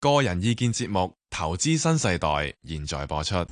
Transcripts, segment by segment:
個人意見節目《投資新世代》現在播出。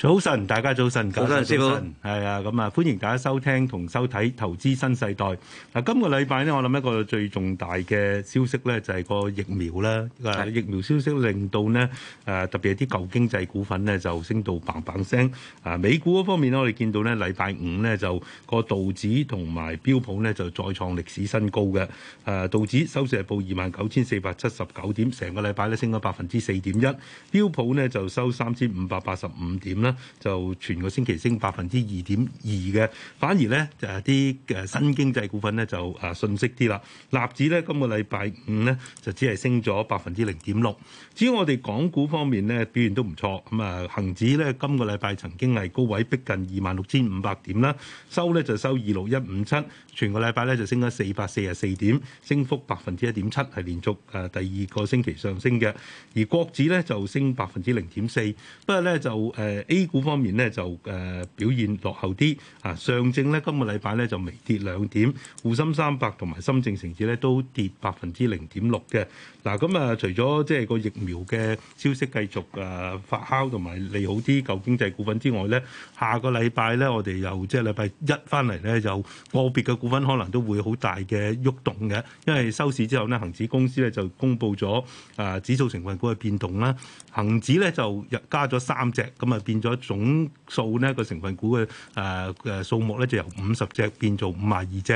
早晨，大家早晨，早晨，師傅，係啊，咁啊，歡迎大家收聽同收睇《投資新世代》。嗱，今個禮拜咧，我諗一個最重大嘅消息咧，就係個疫苗啦。疫苗消息令到咧，誒，特別係啲舊經濟股份咧，就升到砰砰聲。啊，美股嗰方面咧，我哋見到咧，禮拜五咧就個道指同埋標普咧就再創歷史新高嘅。誒，道指收市係報二萬九千四百七十九點，成個禮拜咧升咗百分之四點一。標普咧就收三千五百八十五點啦。就全個星期升百分之二點二嘅，反而咧就係啲嘅新經濟股份咧就啊遜色啲啦。納指咧今個禮拜五咧就只係升咗百分之零點六。至於我哋港股方面咧表現都唔錯，咁啊恒指咧今個禮拜曾經係高位逼近二萬六千五百點啦，收咧就收二六一五七，全個禮拜咧就升咗四百四十四點，升幅百分之一點七，係連續啊第二個星期上升嘅。而國指咧就升百分之零點四，不過咧就誒、呃 A 股方面咧就誒表現落後啲啊，上證咧今個禮拜咧就微跌兩點，滬深三百同埋深證成指咧都跌百分之零點六嘅。嗱，咁啊除咗即係個疫苗嘅消息繼續誒發酵同埋利好啲舊經濟股份之外咧，下個禮拜咧我哋又即係禮拜一翻嚟咧就個別嘅股份可能都會好大嘅喐動嘅，因為收市之後咧恆指公司咧就公布咗誒指數成分股嘅變動啦，恆指咧就入加咗三隻，咁啊變咗。個總數咧個成分股嘅誒誒數目咧就由五十隻變做五十二隻，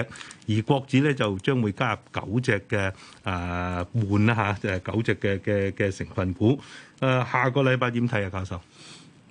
而國指咧就將會加入九隻嘅誒換啦吓，誒九隻嘅嘅嘅成分股。誒，下個禮拜點睇啊？教授，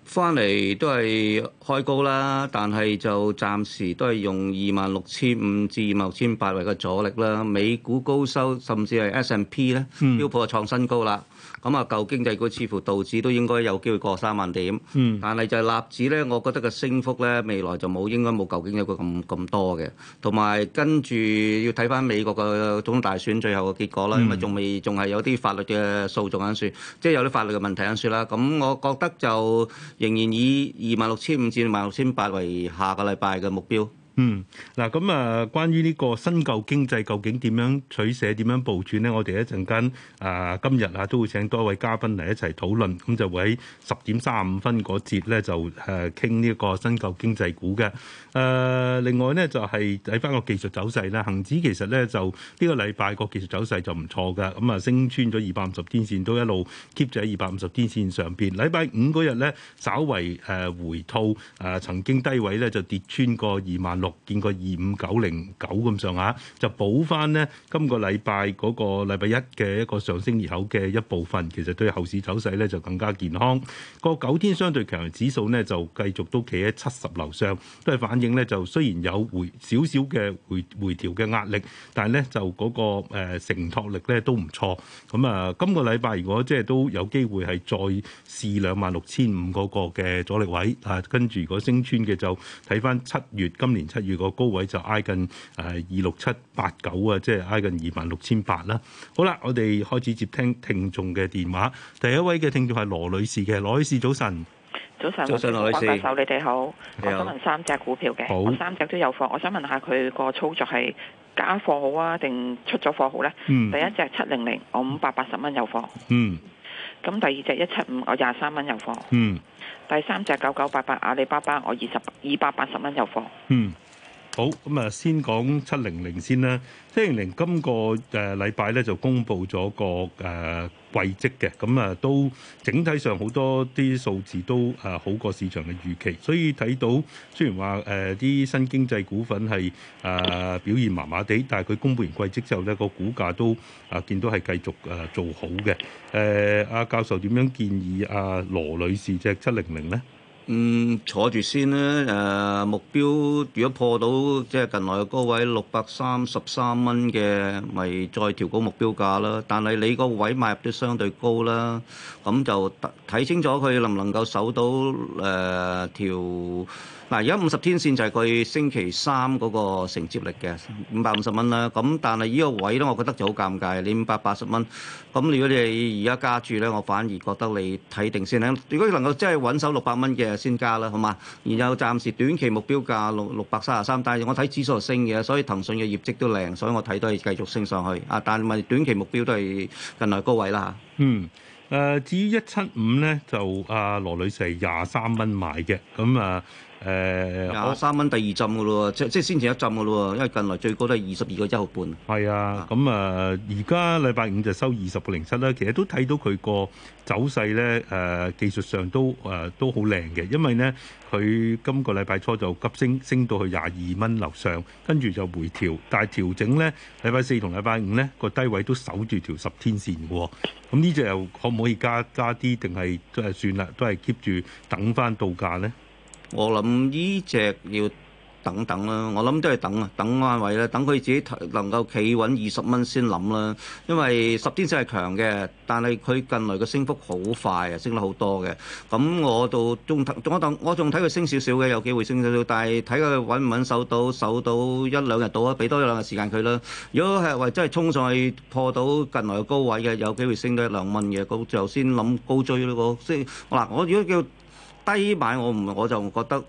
翻嚟都係開高啦，但係就暫時都係用二萬六千五至二萬六千八位嘅阻力啦。美股高收，甚至係 S&P 咧，標普就創新高啦。咁啊，舊經濟股似乎道指都應該有機會過三萬點，但係就納指咧，我覺得個升幅咧未來就冇應該冇舊經濟股咁咁多嘅，同埋跟住要睇翻美國嘅總統大選最後嘅結果啦，嗯、因為仲未仲係有啲法律嘅訴訟緊算，即係有啲法律嘅問題緊算啦。咁我覺得就仍然以二萬六千五至二萬六千八為下個禮拜嘅目標。嗯，嗱咁啊，關於呢個新舊經濟究竟點樣取捨、點樣部署呢？我哋一陣間啊，今日啊都會請多位嘉賓嚟一齊討論，咁就會喺十點三十五分嗰節咧就誒傾呢個新舊經濟股嘅。誒、呃，另外呢，就係睇翻個技術走勢咧，恒指其實呢，就呢個禮拜個技術走勢就唔錯嘅，咁啊升穿咗二百五十天線，都一路 keep 咗喺二百五十天線上邊。禮拜五嗰日呢，稍為誒回吐，誒曾經低位呢，就跌穿過二萬六見過二五九零九咁上下，就補翻呢今個禮拜嗰個禮拜一嘅一個上升裂口嘅一部分，其實對後市走勢呢就更加健康。個九天相對強指數呢就繼續都企喺七十樓上，都係反映呢就雖然有回少少嘅回回調嘅壓力，但係呢就嗰、嗰個、呃、承托力呢都唔錯。咁啊，今個禮拜如果即係都有機會係再試兩萬六千五嗰個嘅阻力位啊，跟住如果升穿嘅就睇翻七月今年。七月個高位就挨近誒二六七八九啊，即係挨近二萬六千八啦。好啦，我哋開始接聽聽眾嘅電話。第一位嘅聽眾係羅女士嘅，羅女士早晨，早晨，早晨，羅女士，手你哋好。Hello. 我想問三隻股票嘅，好我三隻都有貨。我想問下佢個操作係加貨好啊，定出咗貨好呢？嗯，第一隻七零零，我五百八十蚊有貨。嗯，咁第二隻一七五，我廿三蚊有貨。嗯，第三隻九九八八阿里巴巴，我二十二百八十蚊有貨。嗯。好，咁啊，先講七零零先啦。七零零今個誒禮拜咧就公布咗個誒、呃、季績嘅，咁啊都整體上好多啲數字都啊好過市場嘅預期，所以睇到雖然話誒啲新經濟股份係啊、呃、表現麻麻地，但係佢公布完季績之後咧個股價都啊見到係繼續誒做好嘅。誒、呃，阿教授點樣建議阿、啊、羅女士隻七零零咧？就是嗯，坐住先咧，誒、呃、目標如果破到即係近來嘅位六百三十三蚊嘅，咪再調高目標價啦。但係你個位賣入都相對高啦，咁就睇清楚佢能唔能夠守到誒調。呃嗱，而家五十天線就係佢星期三嗰個承接力嘅五百五十蚊啦。咁但係呢個位咧，我覺得就好尷尬。你五百八十蚊咁，如果你係而家加住咧，我反而覺得你睇定先啦。如果能夠真係揾手六百蚊嘅先加啦，好嘛？然之後暫時短期目標價六六百三十三，但係我睇指數升嘅，所以騰訊嘅業績都靚，所以我睇都係繼續升上去。啊，但係短期目標都係近來高位啦嚇。嗯，誒，至於一七五咧，就阿、啊、羅女士係廿三蚊買嘅，咁啊。誒，廿三蚊第二針嘅咯，即即先前一針嘅咯，因為近來最高都係二十二個一毫半。係啊，咁啊，而家禮拜五就收二十個零七啦。其實都睇到佢個走勢咧，誒、呃、技術上都誒、呃、都好靚嘅，因為呢，佢今個禮拜初就急升升到去廿二蚊樓上，跟住就回調，但係調整咧，禮拜四同禮拜五咧，個低位都守住條十天線嘅喎。咁呢隻又可唔可以加加啲，定係都係算啦，都係 keep 住等翻到價咧？我諗呢隻要等等啦，我諗都係等啊，等安位啦，等佢自己能夠企穩二十蚊先諗啦。因為十天線係強嘅，但係佢近來嘅升幅好快啊，升咗好多嘅。咁我到仲睇，我等我仲睇佢升少少嘅，有機會升少少。但係睇佢穩唔穩守到，守到一兩日到啊，俾多一兩日時間佢啦。如果係話真係衝上去破到近來嘅高位嘅，有機會升到一兩蚊嘅高，就先諗高追咯。即係嗱，我如果叫低買我唔我就覺得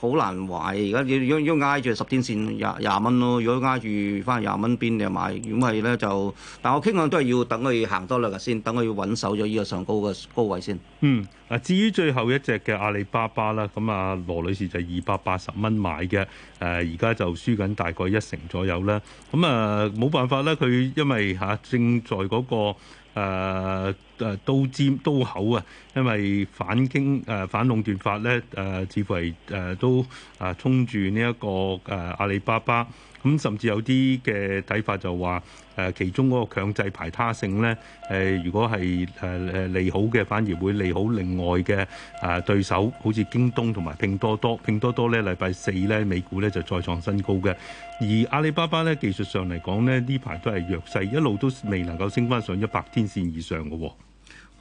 好難懷，而家要要挨住十天線廿廿蚊咯。如果挨住翻廿蚊邊你買，如果係咧就，但我傾向都係要等佢行多兩日先，等佢穩守咗依個上高嘅高位先。嗯，嗱，至於最後一隻嘅阿里巴巴啦，咁啊羅女士就二百八十蚊買嘅，誒而家就輸緊大概一成左右啦。咁啊冇辦法啦，佢因為嚇正在嗰、那個。誒誒，刀、呃、尖刀口啊，因為反傾誒、呃，反壟斷法咧誒、呃，似乎係誒、呃，都誒、這個，沖住呢一個誒，阿里巴巴。咁甚至有啲嘅睇法就話，誒其中嗰個強制排他性呢，誒如果係誒誒利好嘅，反而會利好另外嘅誒對手，好似京東同埋拼多多。拼多多呢禮拜四呢，美股呢就再創新高嘅，而阿里巴巴呢，技術上嚟講呢，呢排都係弱勢，一路都未能夠升翻上一百天線以上嘅喎、哦。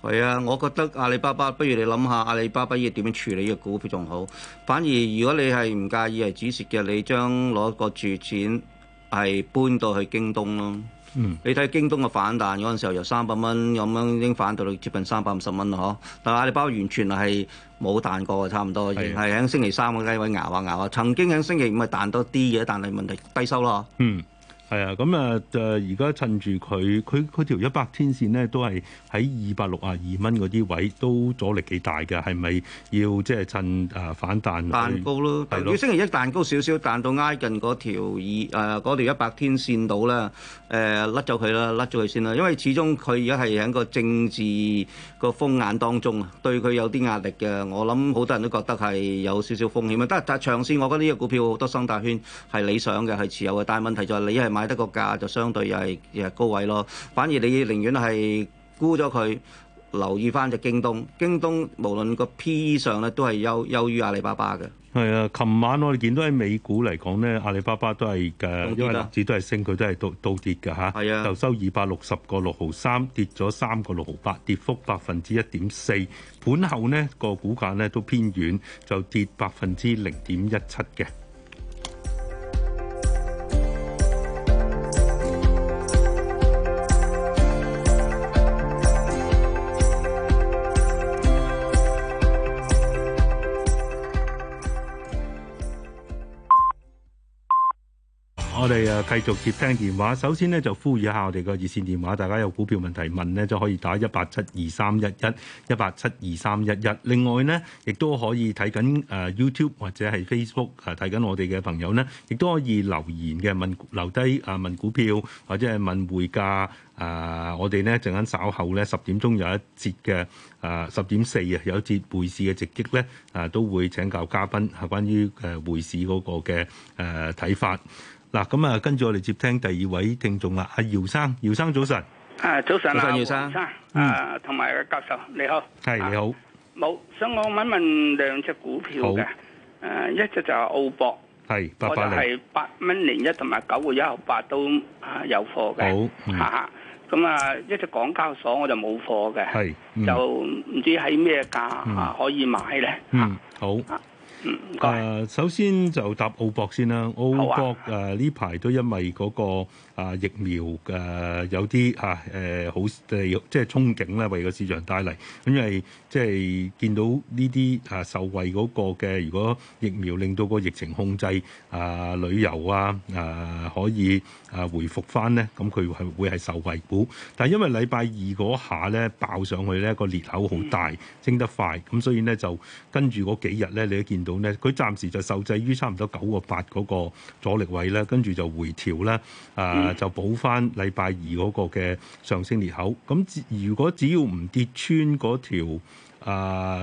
係啊，我覺得阿里巴巴，不如你諗下阿里巴巴要點樣處理呢個股票仲好。反而如果你係唔介意係止蝕嘅，你將攞個注錢係搬到去京東咯。嗯，你睇京東嘅反彈嗰陣時候，由三百蚊咁樣已經反到接近三百五十蚊咯，嗬。但係阿里巴巴完全係冇彈過啊，差唔多，仍係喺星期三個低位捱下捱啊。曾經喺星期五係彈多啲嘢，但係問題低收咯。嗯。係啊，咁啊，就而家趁住佢，佢佢條一百天線呢都係喺二百六啊二蚊嗰啲位，都阻力幾大嘅，係咪要即係趁誒、呃、反彈彈高咯？特別咯，星期一彈高少少，彈到挨近嗰條二誒嗰條一百天線度啦，誒甩咗佢啦，甩咗佢先啦。因為始終佢而家係喺個政治個風眼當中啊，對佢有啲壓力嘅。我諗好多人都覺得係有少少風險啊。但係，但係長線我覺得呢個股票好多生態圈係理想嘅，係持有嘅。但係問題就係你係。買得個價就相對又係高位咯，反而你寧願係沽咗佢，留意翻隻京東。京東無論個 PE 上咧都係優優於阿里巴巴嘅。係啊，琴晚我哋見到喺美股嚟講咧，阿里巴巴都係因為指都係升，佢都係倒倒跌嘅嚇。係啊的，就收二百六十個六毫三，跌咗三個六毫八，跌幅百分之一點四。盤後呢個股價咧都偏軟，就跌百分之零點一七嘅。我哋啊，繼續接聽電話。首先呢，就呼籲一下我哋個熱線電話，大家有股票問題問呢，就可以打一八七二三一一一八七二三一一。另外呢，亦都可以睇緊誒 YouTube 或者係 Facebook 啊，睇緊我哋嘅朋友呢，亦都可以留言嘅問留低啊問股票或者係問匯價啊。我哋呢，陣間稍後呢，十點鐘有一節嘅啊十點四啊有一節匯市嘅直擊呢，啊，都會請教嘉賓啊，關於誒匯市嗰個嘅誒睇法。嗱，咁啊，跟住我哋接聽第二位聽眾啦，阿姚生，姚生早晨。啊，早晨，早晨，姚生，嗯，同埋嘅教授你好。係，你好。冇，想我問問兩隻股票嘅，誒，一隻就係澳博，係八八零，我就係八蚊零一同埋九個一毫八都有貨嘅。好，嚇，咁啊，一隻港交所我就冇貨嘅，係，就唔知喺咩價可以買咧？嗯，好。誒、呃，首先就答澳博先啦。澳博誒呢排都因為嗰，那個。啊疫苗嘅，呃、有啲，啊誒、呃、好、呃、即係憧憬咧，為個市場帶嚟，因為即係見到呢啲啊受惠嗰個嘅，如果疫苗令到個疫情控制啊旅遊啊啊可以啊回復翻咧，咁佢係會係受惠股。但係因為禮拜二嗰下咧爆上去咧，個裂口好大，升得快，咁所以咧就跟住嗰幾日咧，你都見到咧，佢暫時就受制於差唔多九個八嗰個阻力位咧，跟住就回調啦啊！呃嗯就補翻禮拜二嗰個嘅上升裂口。咁如果只要唔跌穿嗰條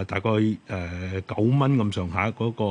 大概誒九蚊咁上下嗰個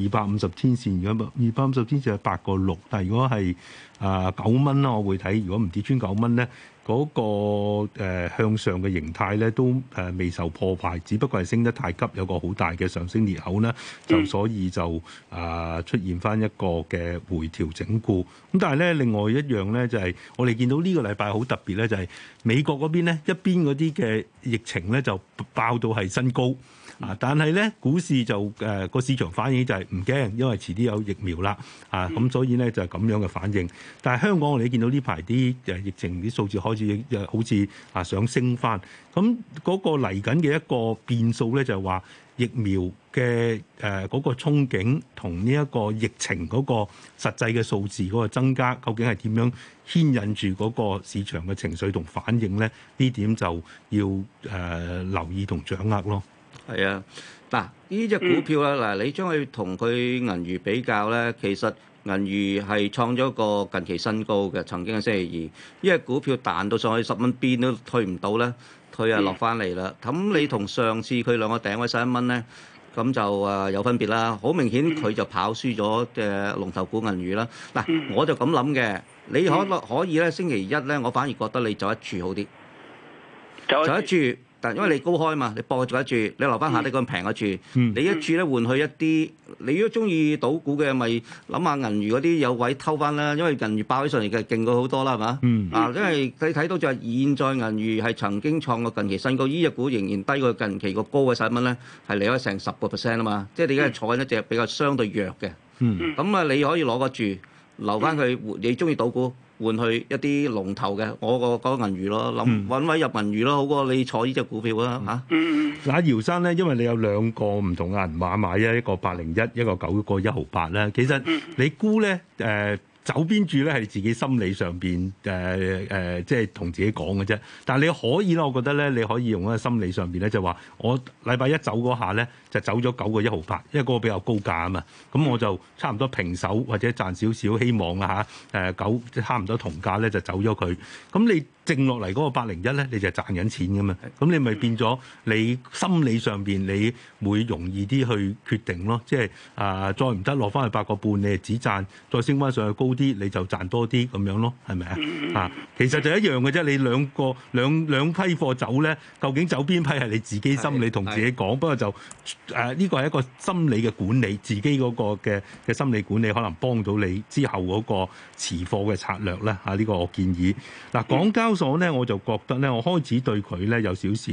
二百五十天線，天線 6, 如果二百五十天線係八個六，但係如果係啊九蚊啦，我會睇。如果唔跌穿九蚊咧。嗰個向上嘅形態咧，都誒未受破壞，只不過係升得太急，有個好大嘅上升裂口咧，就所以就啊出現翻一個嘅回調整固。咁但係咧，另外一樣咧就係我哋見到呢個禮拜好特別咧，就係美國嗰邊咧，一邊嗰啲嘅疫情咧就爆到係新高。啊！但係咧，股市就誒個、呃、市場反應就係唔驚，因為遲啲有疫苗啦。啊，咁所以咧就係、是、咁樣嘅反應。但係香港我哋見到呢排啲誒疫情啲數字開始、呃、好似啊想升翻。咁嗰個嚟緊嘅一個變數咧就係、是、話疫苗嘅誒嗰個憧憬同呢一個疫情嗰個實際嘅數字嗰個增加，究竟係點樣牽引住嗰個市場嘅情緒同反應咧？呢點就要誒、呃、留意同掌握咯。係啊，嗱呢隻股票啦，嗱、嗯、你將佢同佢銀娛比較咧，其實銀娛係創咗個近期新高嘅，曾經喺星期二，呢隻股票彈到上去十蚊，邊都退唔到咧，退啊落翻嚟啦。咁、嗯、你同上次佢兩個頂位十一蚊咧，咁就誒有分別啦。好明顯佢就跑輸咗嘅龍頭股銀娛啦。嗱、嗯、我就咁諗嘅，你可、嗯、可以咧星期一咧，我反而覺得你就一注好啲，就一注。但因為你高開嘛，你博住得住，你留翻下低咁平嘅住，你一住咧換去一啲，你如果中意賭股嘅咪諗下銀娛嗰啲有位偷翻啦，因為銀娛爆起上嚟嘅勁過好多啦，係嘛？嗯、啊，因為你睇到就係現在銀娛係曾經創過近期新高，呢隻股仍然低過近期個高嘅十蚊咧，係離開成十個 percent 啊嘛，即係你而家係坐緊一隻比較相對弱嘅，咁啊、嗯、你可以攞個住留翻佢，嗯、你中意賭股。換去一啲龍頭嘅，我個嗰銀娛咯，諗揾位入銀娛咯，好過你坐呢隻股票啦嚇。嗱、啊嗯，姚生咧，因為你有兩個唔同嘅銀碼買啫，一個八零一，一個九個一毫八啦。其實你估咧，誒、呃？走邊住咧係自己心理上邊誒誒，即係同自己講嘅啫。但係你可以咧，我覺得咧，你可以用一個心理上邊咧，就話、是、我禮拜一走嗰下咧，就走咗九個一毫八，因為嗰個比較高價啊嘛。咁我就差唔多平手或者賺少少希望啊嚇誒九，即、呃、差唔多同價咧就走咗佢。咁你？剩落嚟嗰個八零一咧，1, 你就賺緊錢噶嘛，咁你咪變咗你心理上邊，你會容易啲去決定咯，即係啊、呃、再唔得落翻去八個半，你係只賺再升翻上去高啲，你就賺多啲咁樣咯，係咪啊？嗯、啊，其實就一樣嘅啫，你兩個兩兩批貨走咧，究竟走邊批係你自己心理同自己講，是不過就誒呢個係一個心理嘅管理，自己嗰個嘅嘅心理管理可能幫到你之後嗰個持貨嘅策略咧，啊呢、這個我建議嗱港、啊、交。嗯所咧，我就覺得咧，我開始對佢咧有少少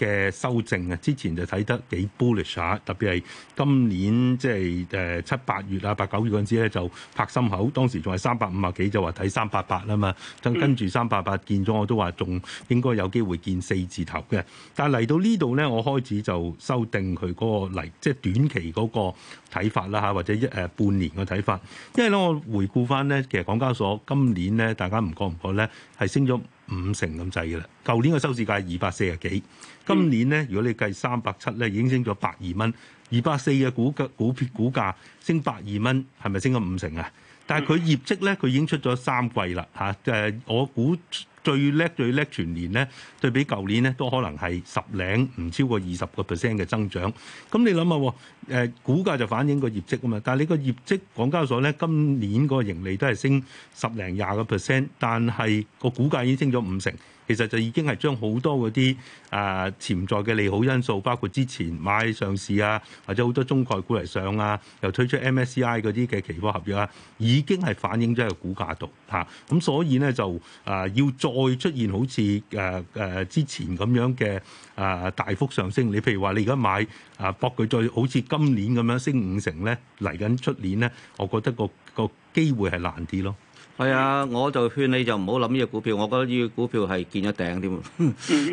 嘅修正啊，之前就睇得幾 bullish 下，特別係今年即係誒七八月啊、八九月嗰陣時咧，就拍心口，當時仲係三百五啊幾，就話睇三八八啦嘛，嗯、跟跟住三八八見咗，我都話仲應該有機會見四字頭嘅。但係嚟到呢度咧，我開始就修訂佢嗰個嚟，即係短期嗰個睇法啦吓，或者一誒、呃、半年嘅睇法，因為咧我回顧翻咧，其實港交所今年咧，大家唔覺唔覺咧，係升咗。五成咁滯嘅啦，舊年個收市價二百四十幾，今年咧如果你計三百七咧，已經升咗百二蚊，二百四嘅股價股票股價升百二蚊，係咪升咗五成啊？但係佢業績咧，佢已經出咗三季啦，嚇！誒，我估最叻最叻全年咧，對比舊年咧，都可能係十零唔超過二十個 percent 嘅增長。咁、嗯、你諗下誒，股價就反映個業績啊嘛。但係你個業績，港交所咧今年嗰個盈利都係升十零廿個 percent，但係個股價已經升咗五成。其實就已經係將好多嗰啲誒潛在嘅利好因素，包括之前買上市啊，或者好多中概股嚟上啊，又推出 MSCI 嗰啲嘅期貨合約啦，已經係反映咗喺個股價度嚇。咁、啊、所以咧就誒要再出現好似誒誒之前咁樣嘅誒大幅上升，你譬如話你而家買誒博佢再好似今年咁樣升五成咧，嚟緊出年咧，我覺得個個機會係難啲咯。係啊，我就勸你就唔好諗呢隻股票，我覺得呢個股票係見咗頂添，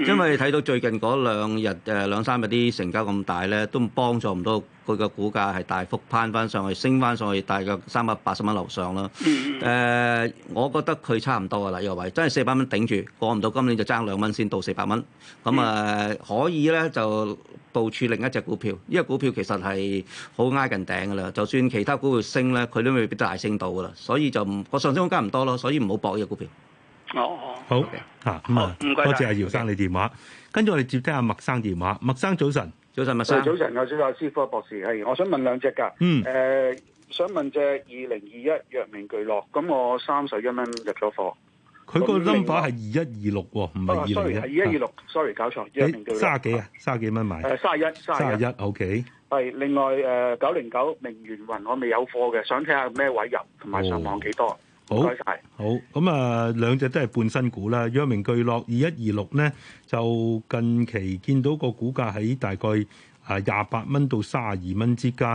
因為睇到最近嗰兩日誒兩三日啲成交咁大咧，都幫助唔到。佢個股價係大幅攀翻上去，升翻上去大概三百八十蚊樓上啦。誒、嗯呃，我覺得佢差唔多噶啦，呢個位真係四百蚊頂住，過唔到，今年就爭兩蚊先到四百蚊。咁啊、呃，嗯、可以咧就部署另一隻股票。呢個股票其實係好挨近頂噶啦，就算其他股票升咧，佢都未必大升到噶啦。所以就唔個上升空間唔多咯，所以唔好搏呢隻股票。哦哦、好好 okay, 啊，唔該。多好謝阿謝 姚生你電話，跟住我哋接聽阿麥生電話。麥生早晨。早晨，麥早晨，有小阿師傅博士，係我想問兩隻㗎。嗯。誒、呃，想問隻二零二一藥明巨諾。咁我三十一蚊入咗貨。佢個 number 係二一二六喎，唔係二 sorry，係二一二六，sorry 搞錯。藥明、欸、巨諾。三十幾啊？三十幾蚊買？三十一，三十一，OK。係另外誒，九零九明源雲，我未有貨嘅，想睇下咩位入，同埋上網幾多？哦好，係謝好。咁啊，兩隻都係半新股啦。藥明巨諾二一二六咧，就近期見到個股價喺大概啊廿八蚊到三十二蚊之間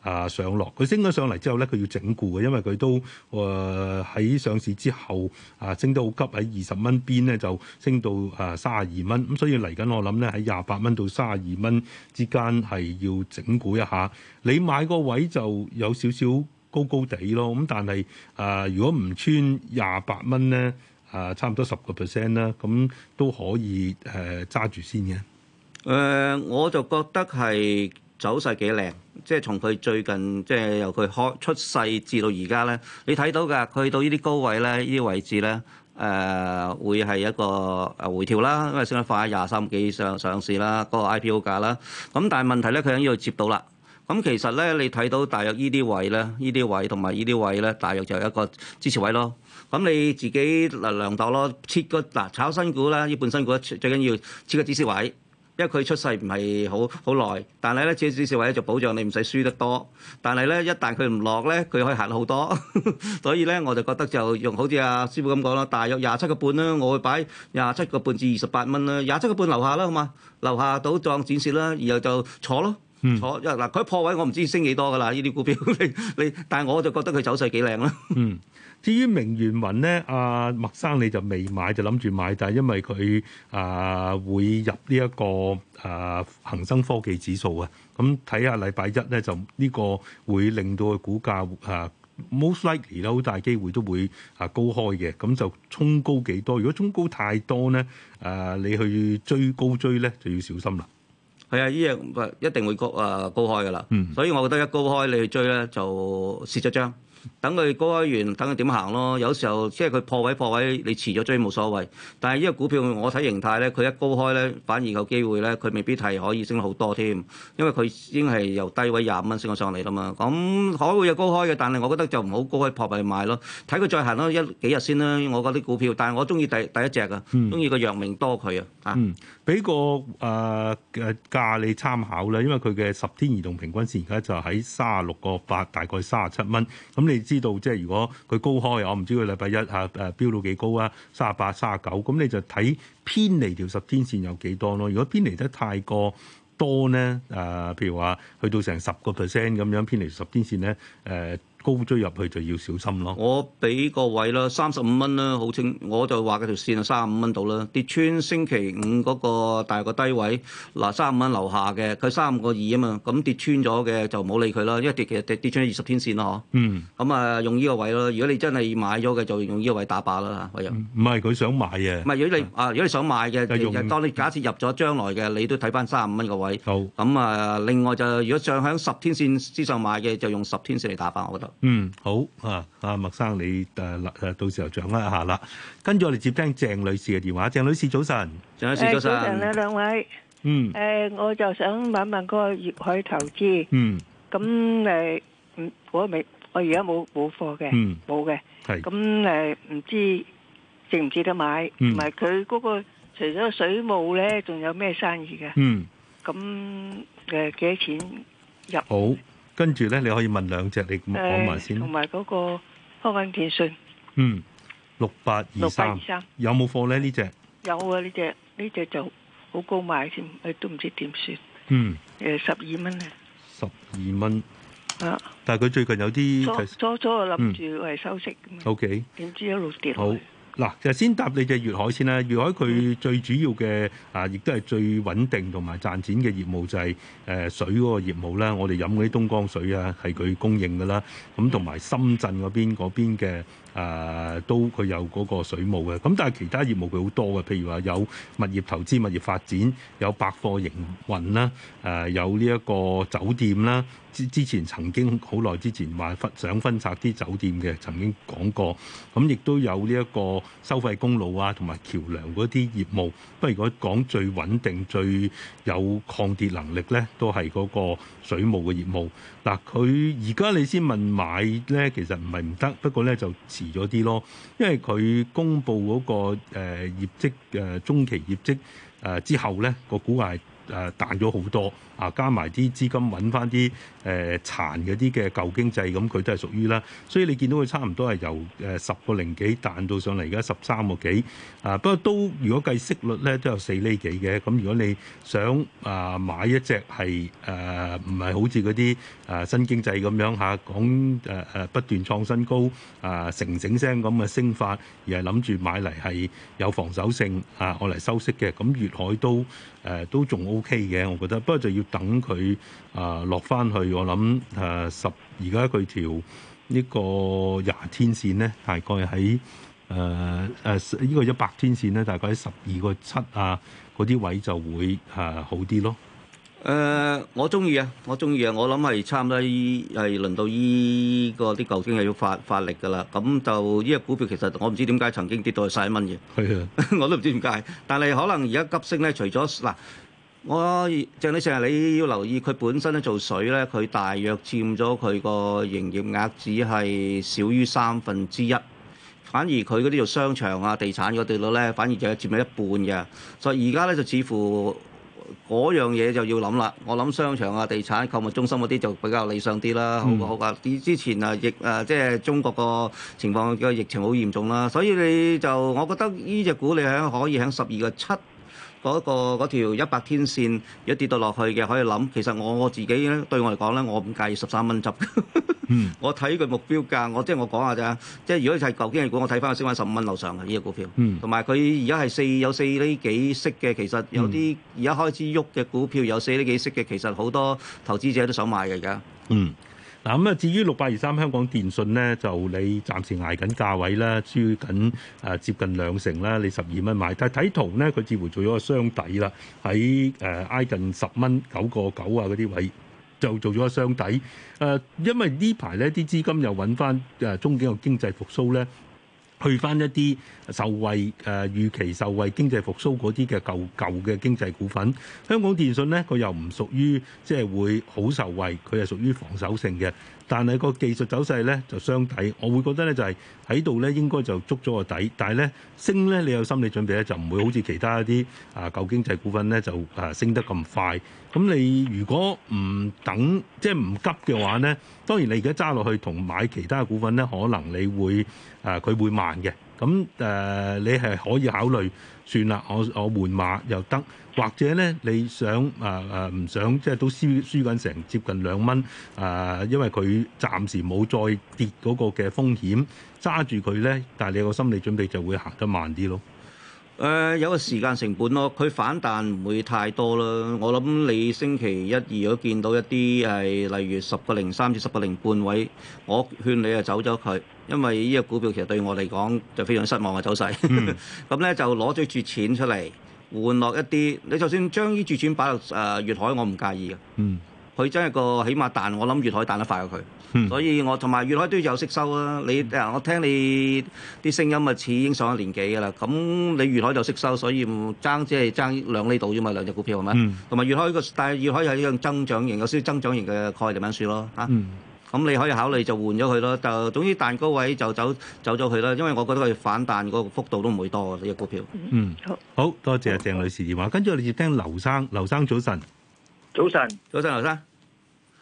啊、呃、上落。佢升咗上嚟之後咧，佢要整固嘅，因為佢都誒喺、呃、上市之後啊、呃、升得好急，喺二十蚊邊咧就升到啊三十二蚊。咁、呃、所以嚟緊我諗咧喺廿八蚊到三十二蚊之間係要整固一下。你買個位就有少少。高高地咯，咁但係啊、呃，如果唔穿廿八蚊咧，啊、呃，差唔多十個 percent 啦，咁都可以誒揸、呃、住先嘅。誒，我就覺得係走勢幾靚，即係從佢最近，即係由佢開出世至到而家咧，你睇到㗎，去到呢啲高位咧，呢啲位置咧，誒、呃、會係一個誒回調啦，因為升得快，廿三幾上上市啦，嗰、那個 IPO 價啦，咁但係問題咧，佢喺呢度接到啦。咁其實咧，你睇到大約依啲位咧，依啲位同埋依啲位咧，大約就係一個支持位咯。咁你自己量度咯，設個嗱、啊、炒新股啦，呢半新股最緊要設個止蝕位，因為佢出世唔係好好耐。但係咧，設止蝕位咧就保障你唔使輸得多。但係咧，一旦佢唔落咧，佢可以行好多。 所以咧，我就覺得就用好似阿師傅咁講咯，大約廿七個半啦，我會擺廿七個半至二十八蚊啦，廿七個半樓下啦，好嘛？樓下倒撞止蝕啦，然後就坐咯。嗯，坐一嗱佢破位我，我唔知升幾多噶啦，呢啲股票你你，但係我就覺得佢走勢幾靚啦。嗯，至於明源雲咧，阿、啊、麥生你就未買就諗住買，但係因為佢啊會入呢、這、一個啊恒生科技指數啊，咁睇下禮拜一咧就呢個會令到佢股價啊 most likely 咧好大機會都會啊高開嘅，咁就衝高幾多？如果衝高太多咧，啊你去追高追咧就要小心啦。係啊，呢隻一定會高啊、呃、高開噶啦，嗯、所以我覺得一高開你去追咧就蝕咗張。等佢高開完，等佢點行咯？有時候即係佢破位破位，你遲咗追冇所謂。但係呢個股票我睇形態咧，佢一高開咧反而有機會咧，佢未必係可以升好多添。因為佢已經係由低位廿五蚊升到上嚟啦嘛。咁可能會有高開嘅，但係我覺得就唔好高開破位買咯。睇佢再行咯，一幾日先啦。我覺得啲股票，但係我中意第第一隻啊，中意個陽明多佢啊，嚇。俾個誒嘅價你參考啦，因為佢嘅十天移動平均線而家就喺三十六個八，大概三十七蚊。咁你知道即係如果佢高開，我唔知佢禮拜一嚇誒飆到幾高啊？三十八、三十九，咁你就睇偏離條十天線有幾多咯。如果偏離得太過多咧，誒、啊，譬如話去到成十個 percent 咁樣偏離十天線咧，誒、啊。高追入去就要小心咯。我俾個位啦，三十五蚊啦，好清。我就話嗰條線啊，三十五蚊到啦，跌穿星期五嗰個大個低位，嗱三十五蚊樓下嘅，佢三十五個二啊嘛，咁跌穿咗嘅就唔好理佢啦，因為跌其實跌，跌穿二十天線咯，嗬、嗯。嗯。咁啊，用呢個位咯。如果你真係要買咗嘅，就用呢個位打靶啦嚇。唔係佢想買嘅。唔係，如果你啊，用如果你想買嘅，當你假設你入咗將來嘅，你都睇翻三十五蚊個位。好。咁啊，另外就如果上喺十天線之上買嘅，就用十天線嚟打靶。我覺得。嗯，好啊，阿麥生，你誒，到時候掌握一下啦。跟住我哋接聽鄭女士嘅電話。鄭女士早晨，鄭女士早晨，早晨咧，兩位，嗯，誒，我就想問問嗰個粵海投資，嗯，咁誒，我未，我而家冇冇貨嘅，嗯，冇嘅，係，咁誒，唔知值唔值得買，唔係，佢嗰個除咗水務咧，仲有咩生意㗎？嗯，咁誒，幾多錢入？好。跟住咧，你可以問兩隻，你講埋先。誒，同埋嗰個科韻電訊。嗯，六八二三。六八二三。有冇貨咧？呢隻。有啊，呢隻呢隻就好高賣添，誒都唔知點算。嗯。誒，十二蚊啊。十二蚊。啊。但係佢最近有啲。初初初諗住係收息。O K。點知一路跌落。嗱，就係先答你隻粵海先啦，粵海佢最主要嘅啊，亦都係最穩定同埋賺錢嘅業務就係誒水嗰個業務啦。我哋飲嗰啲東江水啊，係佢供應㗎啦。咁同埋深圳嗰邊嗰邊嘅。誒、啊、都佢有嗰個水務嘅，咁但係其他業務佢好多嘅，譬如話有物業投資、物業發展、有百貨營運啦，誒、啊，有呢一個酒店啦，之之前曾經好耐之前話分想分拆啲酒店嘅，曾經講過，咁、嗯、亦都有呢一個收費公路啊，同埋橋樑嗰啲業務，不過如果講最穩定、最有抗跌能力咧，都係嗰個水務嘅業務，嗱、啊，佢而家你先問買咧，其實唔係唔得，不過咧就。移咗啲咯，因為佢公佈嗰、那個誒、呃、業績誒、呃、中期業績，誒、呃、之後咧個股價係。誒、嗯、彈咗好多啊！加埋啲資金揾翻啲誒殘嗰啲嘅舊經濟，咁佢都係屬於啦。所以你見到佢差唔多係由誒、呃、十個零幾彈到上嚟，而家十三個幾啊！不過都如果計息率咧都有四厘幾嘅。咁如果你想啊買一隻係誒唔係好似嗰啲誒新經濟咁樣嚇講，誒誒不斷創新高啊成整聲咁嘅升法，而係諗住買嚟係有防守性啊，我嚟收息嘅。咁粵海都誒、呃呃、都仲好。O K 嘅，我覺得不過就要等佢啊、呃、落翻去。我諗誒、呃、十而家佢條呢、這個廿天線咧，大概喺誒誒呢個一百天線咧，大概喺十二個七啊嗰啲位就會誒、呃、好啲咯。誒、呃、我中意啊，我中意啊。我諗係差唔多依係輪到依、這個啲舊股又要發發力噶啦。咁就呢、這個股票其實我唔知點解曾經跌到去晒一蚊嘅，係啊的， 我都唔知點解。但係可能而家急升咧，除咗嗱。我鄭你成日你要留意佢本身咧做水咧，佢大約佔咗佢個營業額只係少於三分之一，反而佢嗰啲做商場啊、地產嗰啲咧，反而就佔咗一半嘅。所以而家咧就似乎嗰樣嘢就要諗啦。我諗商場啊、地產購物中心嗰啲就比較理想啲啦。好，好啊，好啊。以之前啊，疫誒即係中國個情況個疫情好嚴重啦、啊。所以你就我覺得呢隻股你響可以響十二個七。嗰、那個條一百天線，如果跌到落去嘅可以諗。其實我我自己咧，對我嚟講咧，我唔介意十三蚊執。 我睇佢目標價，我即係、就是、我講下咋。即、就、係、是、如果係舊經濟股，我睇翻我先翻十五蚊樓上嘅呢個股票。同埋佢而家係四有四呢幾息嘅，其實有啲而家開始喐嘅股票有四呢幾息嘅，其實好多投資者都想買嘅而家。嗯。嗱咁啊，至於六八二三香港電訊咧，就你暫時捱緊價位啦，輸緊誒、呃、接近兩成啦，你十二蚊買，但係睇圖咧，佢似乎做咗個雙底啦，喺誒、呃、挨近十蚊九個九啊嗰啲位就做咗個雙底。誒、呃，因為呢排咧啲資金又揾翻誒，中景嘅經濟復甦咧。去返一啲受惠，誒、預期受惠經濟復甦嗰啲嘅舊舊嘅經濟股份。香港電訊咧佢又唔屬於即係會好受惠，佢係屬於防守性嘅。但係個技術走勢咧就雙底，我會覺得咧就係喺度咧應該就捉咗個底，但係咧升咧你有心理準備咧就唔會好似其他一啲啊舊經濟股份咧就誒、啊、升得咁快。咁你如果唔等即係唔急嘅話咧，當然你而家揸落去同買其他股份咧，可能你會誒佢、啊、會慢嘅。咁誒、嗯，你係可以考慮算啦，我我換馬又得，或者咧你想誒誒唔想，即係都輸輸緊成接近兩蚊誒、呃，因為佢暫時冇再跌嗰個嘅風險，揸住佢咧，但係你個心理準備就會行得慢啲咯。誒、uh, 有個時間成本咯，佢反彈唔會太多啦。我諗你星期一二如果見到一啲係例如十個零三至十個零半位，我勸你啊走咗佢，因為呢個股票其實對我嚟講就非常失望嘅走勢。咁 咧、mm. 就攞咗住錢出嚟換落一啲，你就算將依啲住錢擺落誒粵海，我唔介意嘅。嗯。Mm. 佢真係個起碼彈，我諗粵海彈得快過佢，所以我同埋粵海都有息收啦。你啊，我聽你啲聲音啊，似已經上咗年紀㗎啦。咁你粵海就息收，所以唔爭即係爭兩呢度啫嘛，兩隻股票係咪？同埋粵海個，但係粵海係一樣增長型，有少少增長型嘅概念算咯嚇。咁你可以考慮就換咗佢咯。就總之彈高位就走走咗佢啦，因為我覺得佢反彈個幅度都唔會多呢隻股票。嗯，好，好多謝啊，鄭女士電話。跟住我哋要聽劉生，劉生早晨。早晨，早晨，劉生。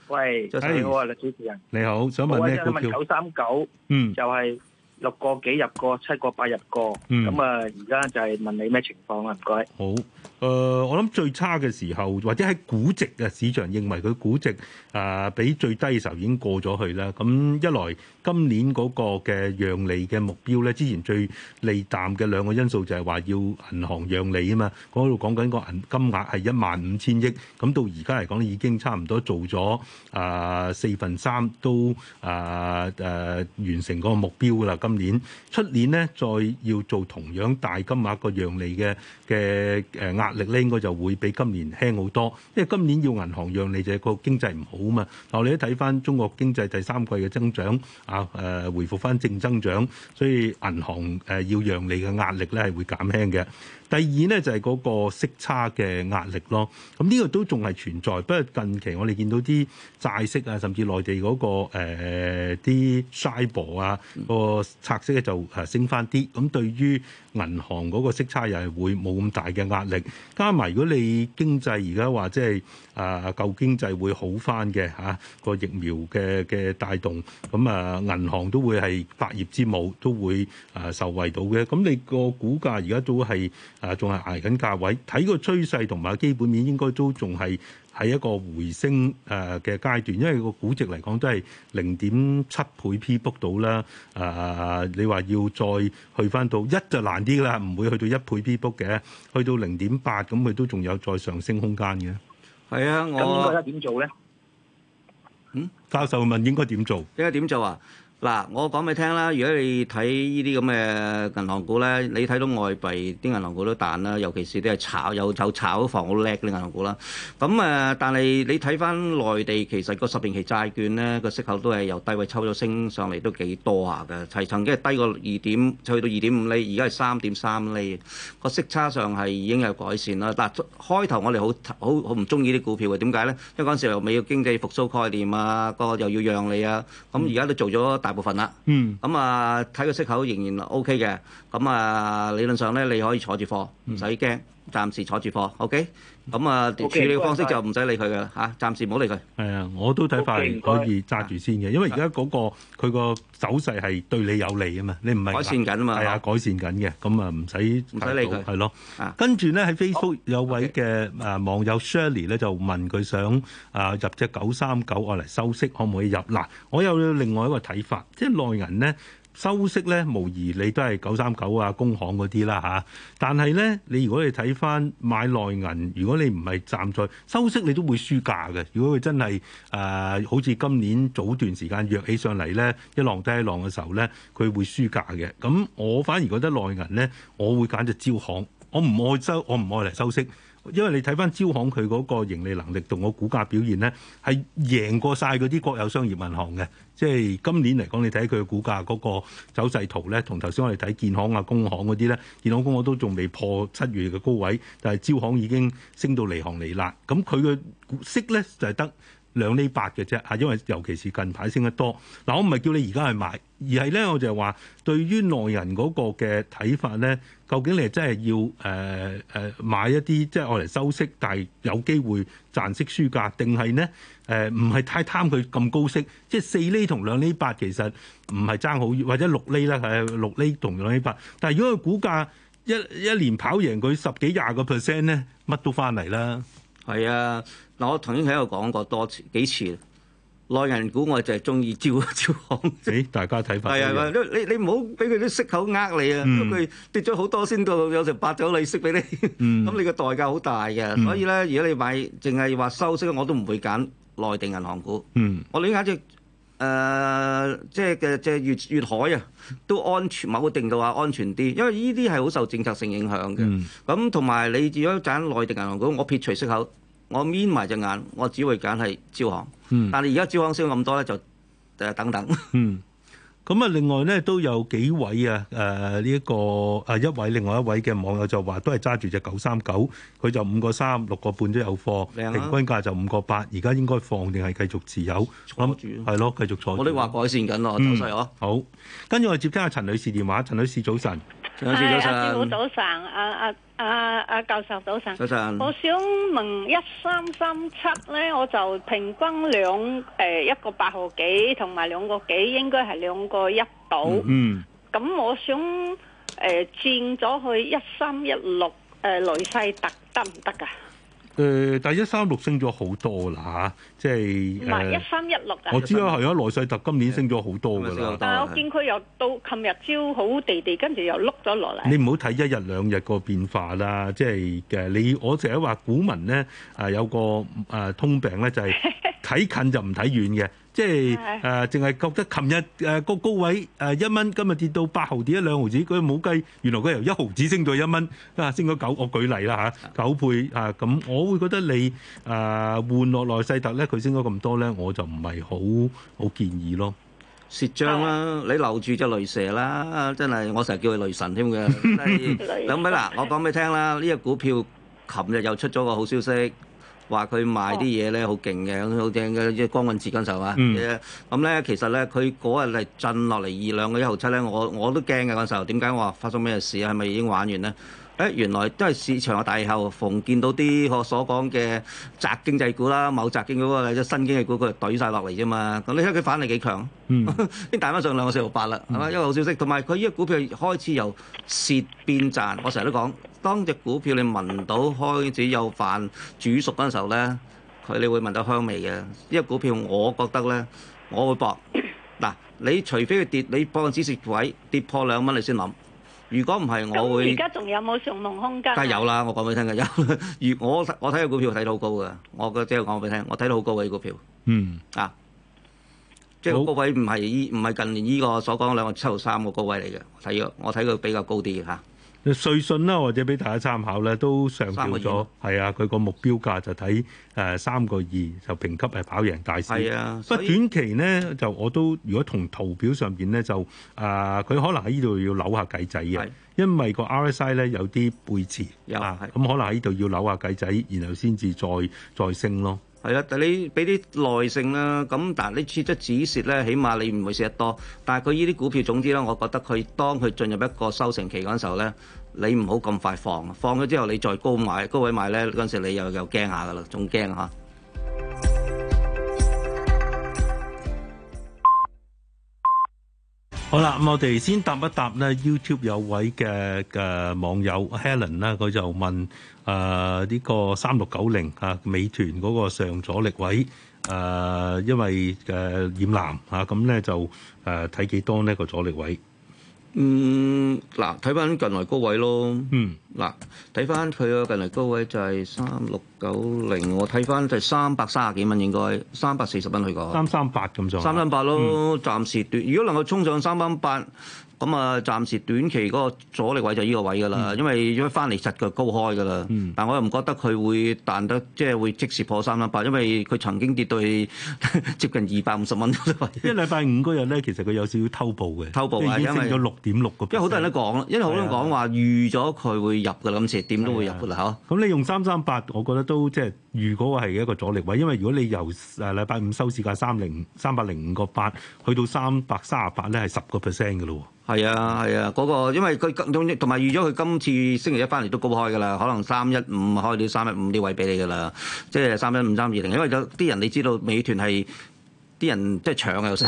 喂，早晨你好啊，哎喲律主持人。你好，想問咩股票？九三九，嗯，就係。六個幾入過，七個八入過，咁啊，而家就係問你咩情況啊？唔該。好，誒，我諗最差嘅時候，或者喺估值嘅市場認為佢估值誒比最低嘅時候已經過咗去啦。咁一來，今年嗰個嘅讓利嘅目標呢，之前最利淡嘅兩個因素就係話要銀行讓利啊嘛。嗰度講緊個銀金額係一萬五千億，咁到而家嚟講已經差唔多做咗誒四分三都誒誒完成嗰個目標啦。咁今年出年咧，再要做同樣大金額個讓利嘅嘅誒壓力咧，應該就會比今年輕好多。因為今年要銀行讓利就係、是、個經濟唔好啊嘛。啊我哋都睇翻中國經濟第三季嘅增長啊誒、啊，回復翻正增長，所以銀行誒、啊、要讓利嘅壓力咧係會減輕嘅。第二呢，就係、是、嗰個息差嘅壓力咯。咁呢個都仲係存在，不過近期我哋見到啲債息啊，甚至內地嗰個啲債博啊個。呃拆息咧就誒升翻啲，咁對於銀行嗰個息差又係會冇咁大嘅壓力，加埋如果你經濟而家話即係誒、啊、舊經濟會好翻嘅嚇個疫苗嘅嘅帶動，咁啊銀行都會係百業之母都會誒受惠到嘅。咁你個股價而家都係誒仲係捱緊價位，睇個趨勢同埋基本面應該都仲係喺一個回升誒嘅階段，因為個估值嚟講都係零點七倍 P book 到啦。誒、呃，你話要再去翻到一就難啲㗎啦，唔會去到一倍 P book 嘅，去到零點八咁，佢都仲有再上升空間嘅。係啊，我覺得點做咧？嗯，教授問應該點做？應該點做啊？嗱，我講俾你聽啦。如果你睇呢啲咁嘅銀行股咧，你睇到外幣啲銀行股都彈啦，尤其是啲係炒有就炒房好叻啲銀行股啦。咁啊，但係你睇翻內地，其實個十年期債券咧個息口都係由低位抽咗升上嚟，都幾多下嘅。係曾經係低過二點就去到二點五厘，而家係三點三厘。個息差上係已經有改善啦。嗱，開頭我哋好好好唔中意啲股票嘅，點解咧？因為嗰陣時又未有經濟復甦概念啊，個又要讓利啊。咁而家都做咗大部分啦，嗯，咁啊、嗯，睇個息口仍然 OK 嘅，咁、嗯、啊，理論上咧，你可以坐住貨，唔使驚，暫時坐住貨，OK。OK？咁啊、嗯，處理方式就唔使理佢㗎喇吓，暫時唔好理佢。係啊，我都睇法係可以揸住先嘅，因為而家嗰個佢個走勢係對你有利啊嘛，你唔係改善緊啊嘛，係啊，改善緊嘅，咁啊唔使唔使理佢，係咯、嗯。跟住、嗯、呢，喺 Facebook 有位嘅、嗯、啊網友 Shirley 咧就問佢想啊入隻九三九愛嚟收息可唔可以入？嗱、啊，我有另外一個睇法，即係內銀呢。收息咧，無疑你都係九三九啊，工行嗰啲啦嚇。但係咧，你如果你睇翻買內銀，如果你唔係站在收息，你都會輸價嘅。如果佢真係啊、呃，好似今年早段時間躍起上嚟咧，一浪低一浪嘅時候咧，佢會輸價嘅。咁我反而覺得內銀咧，我會揀隻招行，我唔愛收，我唔愛嚟收息。因為你睇翻招行佢嗰個盈利能力同個股價表現咧，係贏過晒嗰啲國有商業銀行嘅。即係今年嚟講，你睇佢嘅股價嗰個走勢圖咧，同頭先我哋睇建行啊、工行嗰啲咧，建行、工行都仲未破七月嘅高位，但係招行已經升到離行離辣。咁佢嘅股息咧就係得兩厘八嘅啫，啊，因為尤其是近排升得多。嗱，我唔係叫你而家去買，而係咧，我就係話對於內人嗰個嘅睇法咧，究竟你係真係要誒誒、呃呃、買一啲即係我嚟收息，但係有機會賺息輸價，定係呢？誒唔係太貪佢咁高息？即係四厘同兩厘八其實唔係爭好遠，或者六厘啦，係六厘同兩厘八。但係如果佢股價一一年跑贏佢十幾廿個 percent 咧，乜都翻嚟啦。係啊。我曾經喺度講過多次幾次，內銀股我就係中意招招行。誒，大家睇翻。係啊，你你唔好俾佢啲息口呃你啊，咁佢、嗯、跌咗好多先到，有成八九利息俾你，咁、嗯、你個代價好大嘅。嗯、所以咧，如果你買淨係話收息，我都唔會揀內地銀行股。嗯、我理解只誒，即係嘅即係粵粵海啊，都安全，某定度話安全啲，因為呢啲係好受政策性影響嘅。咁同埋你如果揀內地銀行股，我撇除息口。我眯埋隻眼，我只會揀係招行。但係而家招行升咁多咧，就誒等等。嗯，咁啊，另外咧都有幾位啊，誒呢一個誒一位，另外一位嘅網友就話，都係揸住隻九三九，佢就五個三、六個半都有貨，平均價就五個八。而家應該放定係繼續持有？諗住，係咯，繼續坐。我哋話改善緊咯，走勢呵。好，跟住我接聽下陳女士電話。陳女士早晨。陳女士早晨。係，早早晨，阿阿。阿阿教授早晨，早晨，我想問一三三七呢，我就平均兩誒一個八毫幾，同埋兩個幾，應該係兩個一到。嗯，咁我想誒轉咗去一三一六誒雷西特得唔得啊？誒、呃，但係一三六升咗好多啦嚇，即係唔係一三一六啊？我知道啊，係啊，內勢特今年升咗好多噶啦，但係我見佢又到琴日朝好地地，跟住又碌咗落嚟。你唔好睇一日兩日個變化啦，即係嘅，你我成日話股民咧，誒、呃、有個誒、呃、通病咧，就係、是、睇近就唔睇遠嘅。 即係誒，淨係 Yes.、呃、覺得琴日誒個高位誒一蚊，今日跌到八毫跌一兩毫子，佢冇計，原來佢由一毫子升到一蚊，啊升咗九，我舉例啦嚇，九、啊、倍啊咁，我會覺得你誒、呃、換落內世特咧，佢升咗咁多咧，我就唔係好好建議咯。蝕仗啦，你留住隻雷蛇啦，真係我成日叫佢雷神添、啊、嘅。兩位啦，我講俾你聽啦，呢、這、隻、個、股票琴日又出咗個好消息。話佢賣啲嘢咧好勁嘅，好正嘅，即係光棍節嗰陣係嘛？咁咧、嗯、其實咧，佢嗰日係進落嚟二兩個一毫七咧，我我都驚嘅，嗰時候點解我話發生咩事啊？係咪已經玩完咧？原來都係市場嘅大後逢見到啲我所講嘅宅經濟股啦，某宅經濟股或新經濟股，佢就懟曬落嚟啫嘛。咁你睇佢反應幾強？啲、嗯、 打返上兩個四毫八啦，係嘛、嗯？一個好消息，同埋佢呢個股票開始由蝕變賺。我成日都講，當隻股票你聞到開始有飯煮熟嗰陣時候咧，佢你會聞到香味嘅。呢、呢個股票我覺得咧，我會搏嗱，你除非佢跌，你幫佢止蝕位，跌破兩蚊你先諗。如果唔係，我會而家仲有冇上籠空間？梗係有啦，我講俾你聽嘅有。如 我我睇個股票睇到好高㗎，我嘅即係講俾你聽，我睇到好高位股票。嗯啊，即係高位唔係依唔係近年呢、這個所講兩個七號三個高位嚟嘅，睇我我睇佢比較高啲嚇。啊。瑞信啦，或者俾大家參考咧，都上調咗，係啊，佢個目標價就睇誒三個二，就評級係跑贏大市。係啊，不過短期咧就我都如果同圖表上邊咧就啊，佢可能喺呢度要扭下計仔嘅，是因為個 RSI 咧有啲背馳啊，咁可能喺呢度要扭下計仔，然後先至再再升咯。係啊，但你俾啲耐性啦。咁但係你設得止蝕咧，起碼你唔會蝕得多。但係佢呢啲股票，總之咧，我覺得佢當佢進入一個收成期嗰陣時候咧，你唔好咁快放，放咗之後你再高買高位買咧，嗰陣時你又又驚下㗎啦，仲驚嚇。好啦，咁我哋先答一答咧，YouTube 有位嘅嘅網友 Helen 咧，佢就問誒呢個三六九零啊，美團嗰個上阻力位誒，因為誒染藍啊，咁咧就誒睇幾多呢個阻力位？嗯，嗱，睇翻近來高位咯。嗯，嗱，睇翻佢個近來高位就係三六九零。我睇翻就係三百三十幾蚊，應該三百四十蚊去過。三三八咁左。三三八咯，暫時短。如果能夠衝上三三八。咁啊，嗯、暫時短期嗰個阻力位就呢個位㗎啦，嗯、因為如果翻嚟實就高開㗎啦。嗯、但我又唔覺得佢會彈得，即、就、係、是、會即時破三三八，因為佢曾經跌到 接近二百五十蚊步。因為一禮拜五嗰日咧，其實佢有少少偷步嘅，偷步因為升六點六個 percent，因為好多人都講咯，因為好多人講話預咗佢會入㗎啦，今次點都會入㗎啦嗬。咁你用三三八，我覺得都即係如果個係一個阻力位，因為如果你由誒禮拜五收市價三零三百零五個八，去到三百三十八咧，係十個 percent 㗎咯。係啊，係啊，嗰、嗰個因為佢今，總之同埋預咗佢今次星期一返嚟都高開㗎喇，可能三一五開到三一五呢位畀你㗎喇，即係三一五、三二零，因為有啲人你知道美團係。啲人即係搶啊！有時，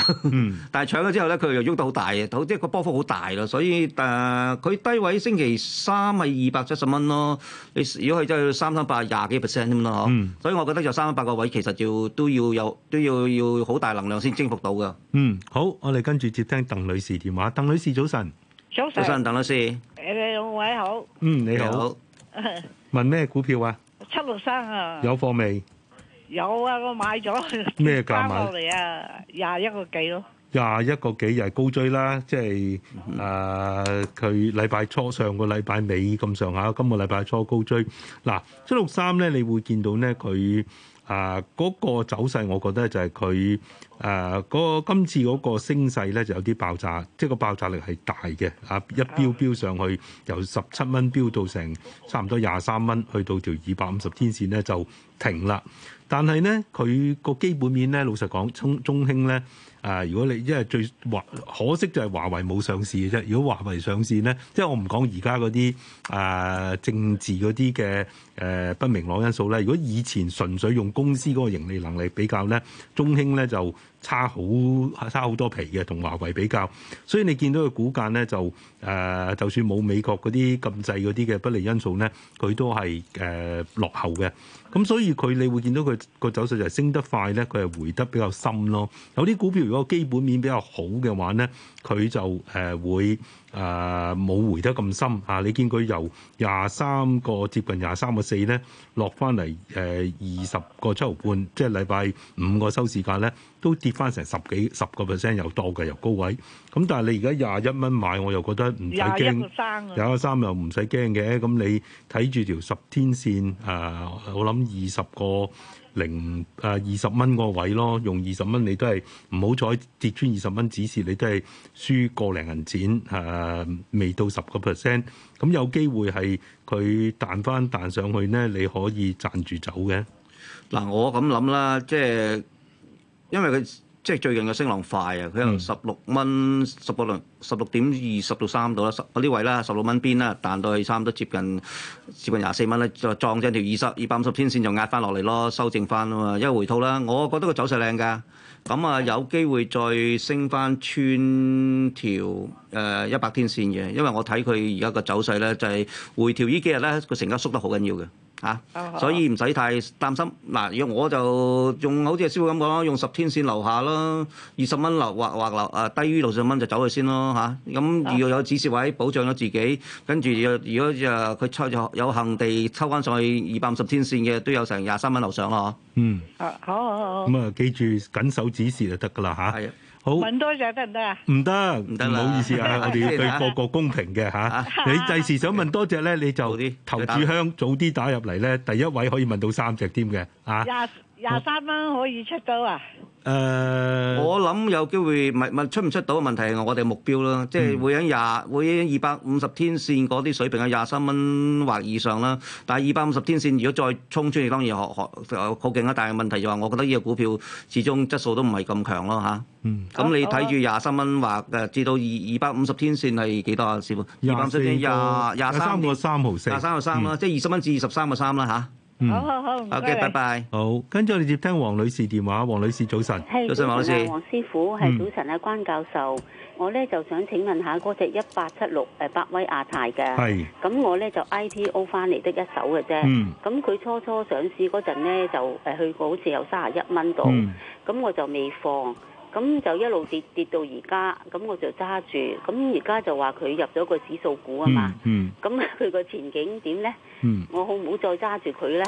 但係搶咗之後咧，佢又喐到好大嘅，即係個波幅好大咯。所以誒，佢、呃、低位星期三咪二百七十蚊咯。你如果係即係三三百廿幾 percent 咁咯，嗬。嗯、所以我覺得就三三百個位其實要都要有都要要好大能量先征服到㗎。嗯，好，我哋跟住接聽鄧女士電話。鄧女士早晨，早晨安，鄧女士，兩位好。嗯，你好。你好 問咩股票啊？七六三啊。有貨未？有啊，我買咗咩價買嚟啊？廿一個幾咯？廿一個幾又係高追啦，即係誒佢禮拜初上個禮拜尾咁上下，今個禮拜初高追。嗱、啊，七六三咧，你會見到咧，佢誒嗰個走勢，我覺得就係佢誒嗰個今次嗰個升勢咧，就有啲爆炸，即係個爆炸力係大嘅啊！一飆飆上去，由十七蚊飆到成差唔多廿三蚊，去到條二百五十天線咧就停啦。但係咧，佢個基本面咧，老實講，中中興咧，啊，如果你因為最華，可惜就係華為冇上市嘅啫。如果華為上市咧，即係我唔講而家嗰啲啊政治嗰啲嘅誒不明朗因素咧。如果以前純粹用公司嗰個盈利能力比較咧，中興咧就。差好差好多皮嘅，同華為比較，所以你見到個股價呢，就誒、呃，就算冇美國嗰啲禁制嗰啲嘅不利因素呢，佢都係誒、呃、落後嘅。咁所以佢你會見到佢個走勢就係升得快呢，佢係回得比較深咯。有啲股票如果基本面比較好嘅話呢。佢就誒會誒冇、呃、回得咁深嚇、啊，你見佢由廿三個接近廿三個四咧落翻嚟誒二十個七毫半，即係禮拜五個收市價咧，都跌翻成十幾十個 percent 又多嘅，又高位。咁、啊、但係你而家廿一蚊買，我又覺得唔使驚。廿一三又唔使驚嘅，咁你睇住條十天線誒、啊，我諗二十個。零啊二十蚊個位咯，用二十蚊你都係唔好再跌穿二十蚊指示，你都係輸過零銀錢誒、啊，未到十個 percent，咁有機會係佢彈翻彈上去咧，你可以賺住走嘅。嗱、啊，我咁諗啦，即係因為佢。即係最近嘅升浪快啊！佢可能十六蚊、十六十六點二十到三度啦，十嗰位啦，十六蚊邊啦，彈到去差唔多接近接近廿四蚊啦，撞條 2, 250，就撞正條二十二百五十天線，就壓翻落嚟咯，修正翻啊嘛，因為回吐啦。我覺得個走勢靚㗎，咁啊有機會再升翻穿條誒一百天線嘅，因為我睇佢而家個走勢咧就係、是、回調呢幾日咧，佢成交縮得好緊要嘅。啊，啊所以唔使太擔心。嗱、啊，如果我就用好似師傅咁講咯，用十天線樓下啦，二十蚊樓或或樓啊，低於六十蚊就走佢先咯，嚇、啊。咁如果有指示位保障咗自己，跟住如果就佢抽有幸地抽翻上去二百五十天線嘅，都有成廿三蚊樓上咯。啊、嗯。啊，好，好，好。咁啊，記住緊守指示就得㗎啦，嚇。係啊。好問多隻得唔得啊？唔得行，唔得，唔好意思啊！ 我哋要對個個公平嘅嚇。 你第時想問多隻咧， 你就投注香早啲打入嚟咧，第一位可以問到三隻添嘅嚇。 啊廿三蚊可以出到啊？誒，uh, 我諗有機會，咪咪出唔出到嘅問題，我我哋目標咯，即係會喺廿，會喺二百五十天線嗰啲水平喺廿三蚊或以上啦。但係二百五十天線，如果再衝出去，當然好勁啦。但係問題就話，我覺得呢個股票始終質素都唔係咁強咯吓，咁、嗯嗯、你睇住廿三蚊或誒、啊、至到二二百五十天線係幾多啊？師傅個，二百五十天廿廿三個三毫四，廿三個三啦，嗯、即係二十蚊至二十三個三啦吓。好好好，OK，拜拜。好，跟住我哋接聽黃女士電話。黃女士早晨，早晨，黃老師，王師傅係早晨啊，關教授，我咧就想請問下嗰隻一八七六誒，百威亞太嘅，咁我咧就 IPO 翻嚟的一手嘅啫，咁佢初初上市嗰陣咧就誒去過好似有卅一蚊度，咁我就未放，咁就一路跌跌到而家，咁我就揸住，咁而家就話佢入咗個指數股啊嘛，咁佢個前景點咧？嗯，我好唔好再揸住佢咧？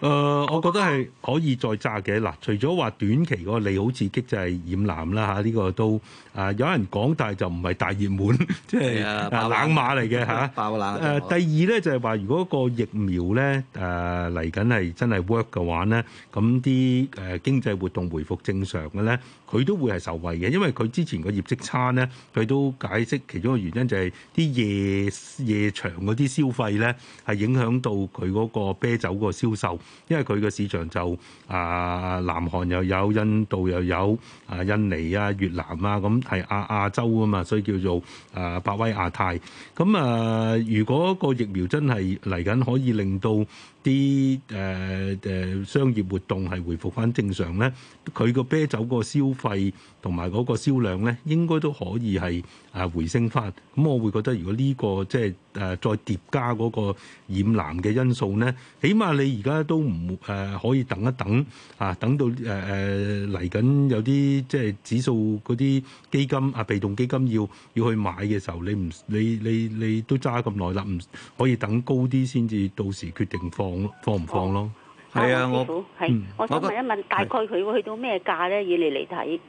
誒，我覺得係可以再揸嘅。嗱，除咗話短期嗰個利好刺激就係染藍啦嚇，呢個都啊有人講，但係就唔係大熱門，即係啊冷馬嚟嘅嚇。爆冷誒，第二咧就係話，如果個疫苗咧誒嚟緊係真係 work 嘅話咧，咁啲誒經濟活動回復正常嘅咧。佢都會係受惠嘅，因為佢之前個業績差呢，佢都解釋其中一個原因就係、是、啲夜夜場嗰啲消費呢係影響到佢嗰個啤酒個銷售，因為佢個市場就啊、呃、南韓又有、印度又有啊、呃、印尼啊、越南啊咁係亞亞洲啊嘛，所以叫做啊百、呃、威亞太。咁啊、呃，如果個疫苗真係嚟緊，可以令到。啲誒誒商業活動係回復翻正常咧，佢個啤酒個消費。同埋嗰個銷量咧，應該都可以係啊回升翻。咁我會覺得，如果呢、呢個即係誒再疊加嗰個染藍嘅因素咧，起碼你而家都唔誒、呃、可以等一等啊，等到誒誒嚟緊有啲即係指數嗰啲基金啊，被動基金要要去買嘅時候，你唔你你你都揸咁耐啦，唔可以等高啲先至到時決定放放唔放咯。係、哦啊，嗯、師傅、啊，我我想問一問，係大概佢會去到咩價咧？以你嚟睇。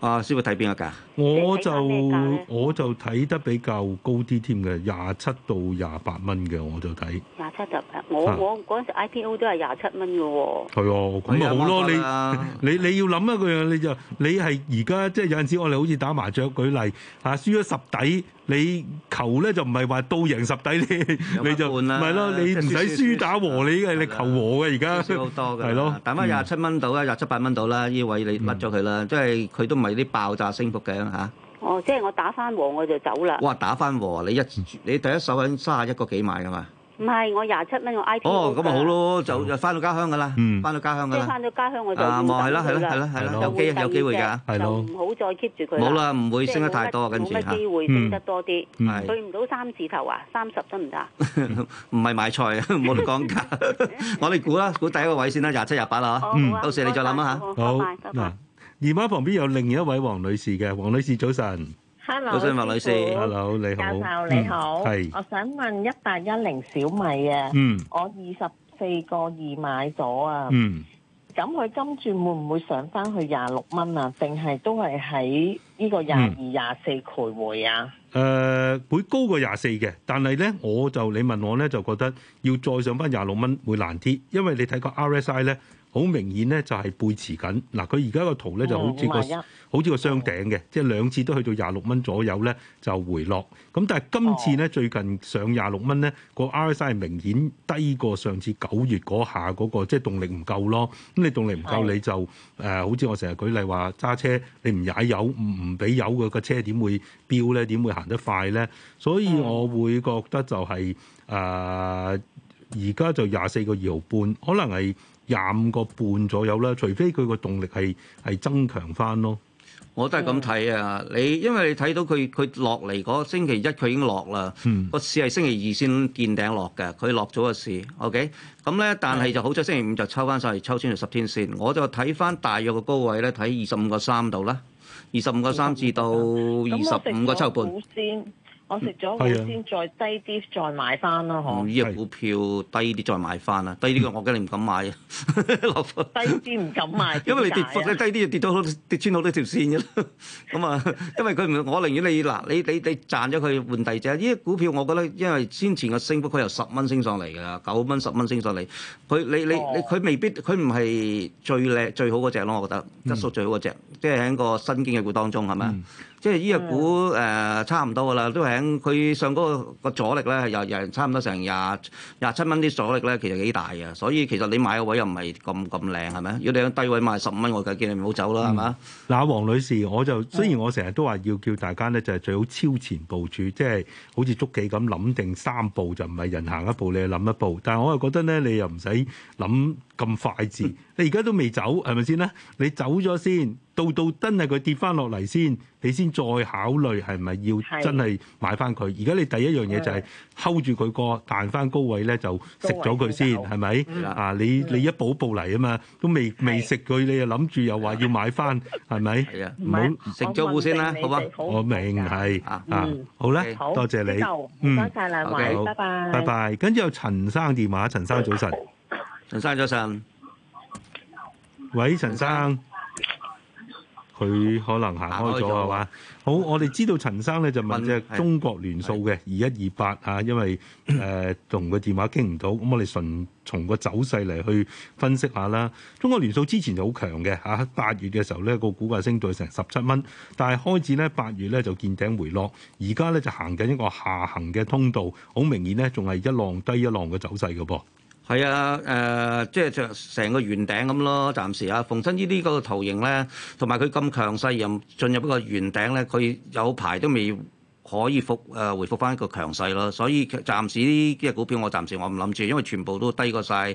啊，師傅睇邊一個㗎？我就我就睇得比較高啲添嘅，廿七到廿八蚊嘅我就睇。廿七就，我我嗰陣時 IPO 都係廿七蚊嘅喎。係哦，咁咪、哦、好咯。你你你要諗一個樣，你就你係而家即係有陣時我哋好似打麻雀舉例，嚇輸咗十底。你求咧就唔係話到贏實底，你你就換啦，唔係咯？你唔使輸打和輸輸你係，你求和嘅而家，係 咯？打翻廿七蚊到啦，廿七八蚊到啦，呢位你甩咗佢啦？嗯、即係佢都唔係啲爆炸升幅嘅嚇。啊、哦，即係我打翻和我就走啦。哇！打翻和你一，你第一手喺卅一個幾買噶嘛？啊唔係，我廿七蚊我 IPO。哦，咁咪好咯，就翻到家鄉噶啦，翻到家鄉噶啦。即係翻到家鄉，我就。啊，咪係啦係啦係啦係啦，有機有機會㗎，係咯。唔好再 keep 住佢。冇啦，唔會升得太多，跟住嚇。冇乜機會升得多啲。嗯。去唔到三字頭啊，三十得唔得？唔係賣菜，冇得講價。我哋估啦，估第一個位先啦，廿七、廿八啦。到時你再諗下。好。好。姨媽旁邊有另一位黃女士嘅，黃女士早晨。好，謝麥女士。Hello，你好，教授、嗯、你好。係，我想問一八一零小米啊，嗯、我二十四個二買咗啊，咁佢、嗯、跟住會唔會上翻去廿六蚊啊？定係都係喺呢個廿二、廿四徘徊啊？誒、嗯呃，會高過廿四嘅，但係咧，我就你問我咧，就覺得要再上翻廿六蚊會難啲，因為你睇個 RSI 咧。好明顯咧，就係、是、背馳緊嗱。佢而家個圖咧，就好似個、嗯、好似個雙頂嘅，嗯、即係兩次都去到廿六蚊左右咧，就回落。咁但係今次咧，哦、最近上廿六蚊咧，個 RSI 係明顯低過上次九月嗰下嗰、嗰個，即係動力唔夠咯。咁你動力唔夠，是你就誒、呃，好似我成日舉例話揸車，你唔踩油唔唔俾油嘅個車點會飆咧？點會行得快咧？所以我會覺得就係、是、誒，而、呃、家就廿四個二毫半，可能係。廿五個半左右啦，除非佢個動力係係增強翻咯，我都係咁睇啊。你因為你睇到佢佢落嚟嗰個星期一，佢已經落啦，個、嗯、市係星期二先見頂落嘅。佢落咗個市，OK 咁咧，但係就好彩。星期五就抽翻晒，嚟，抽先咗十天線。我就睇翻大約嘅高位咧，睇二十五個三度啦，二十五個三至到二十五個抽半。我食咗我先再低啲再買翻啦，呢隻股票低啲再買翻啦，低啲嘅我驚你唔敢買，低啲唔敢買。因為你跌低啲，跌咗跌穿好多條線嘅咁啊，因為佢唔，我寧願你嗱，你你你賺咗佢換第二隻。呢啲股票我覺得，因為先前嘅升幅佢由十蚊升上嚟嘅啦，九蚊十蚊升上嚟。佢你你你佢未必佢唔係最叻最好嗰隻咯，我覺得質素最好嗰隻，即係喺個新經濟股當中係咪啊？即係呢隻股誒的、呃、差唔多噶啦，都喺佢上高個阻力咧，又又，又差唔多成廿廿七蚊啲阻力咧，其實幾大嘅，所以其實你買個位又唔係咁咁靚係咪？如果你喺低位買十五蚊，我梗係叫你唔好走啦，係咪？嗱，王女士，我就雖然我成日都話要叫大家咧，就係、是、最好超前部署，即、就、係、是、好似捉棋咁諗定三步就唔係人行一步，你諗一步，但係我又覺得咧，你又唔使諗。咁快捷，你而家都未走，係咪先啦？你走咗先，到到真係佢跌翻落嚟先，你先再考慮係咪要真係買翻佢？而家你第一樣嘢就係睺住佢個彈翻高位咧，就食咗佢先，係咪？啊，你你一步步嚟啊嘛，都未未食佢，你又諗住又話要買翻，係咪？係啊，唔好食咗好先啦，好啊，我明係啊，好啦，多謝你，多謝兩位，拜拜，拜拜。跟住有陳生電話，陳生早晨。陳生早晨，喂，陳生，佢可能行開咗係嘛？好，我哋知道陳生咧就問隻中國聯塑嘅二一二八啊，因為誒同個電話傾唔到，咁我哋順從個走勢嚟去分析下啦。中國聯塑之前就好強嘅吓，啊，八月嘅時候咧個股價升到成十七蚊，但係開始咧八月咧就見頂回落，而家咧就行緊一個下行嘅通道，好明顯咧仲係一浪低一浪嘅走勢㗎噃。係啊，誒、呃，即係著成個圓頂咁咯，暫時啊，逢親呢啲嗰個圖形咧，同埋佢咁強勢入進入一個圓頂咧，佢有排都未可以復誒、呃、回復翻一個強勢咯，所以暫時啲嘅股票我暫時我唔諗住，因為全部都低過晒誒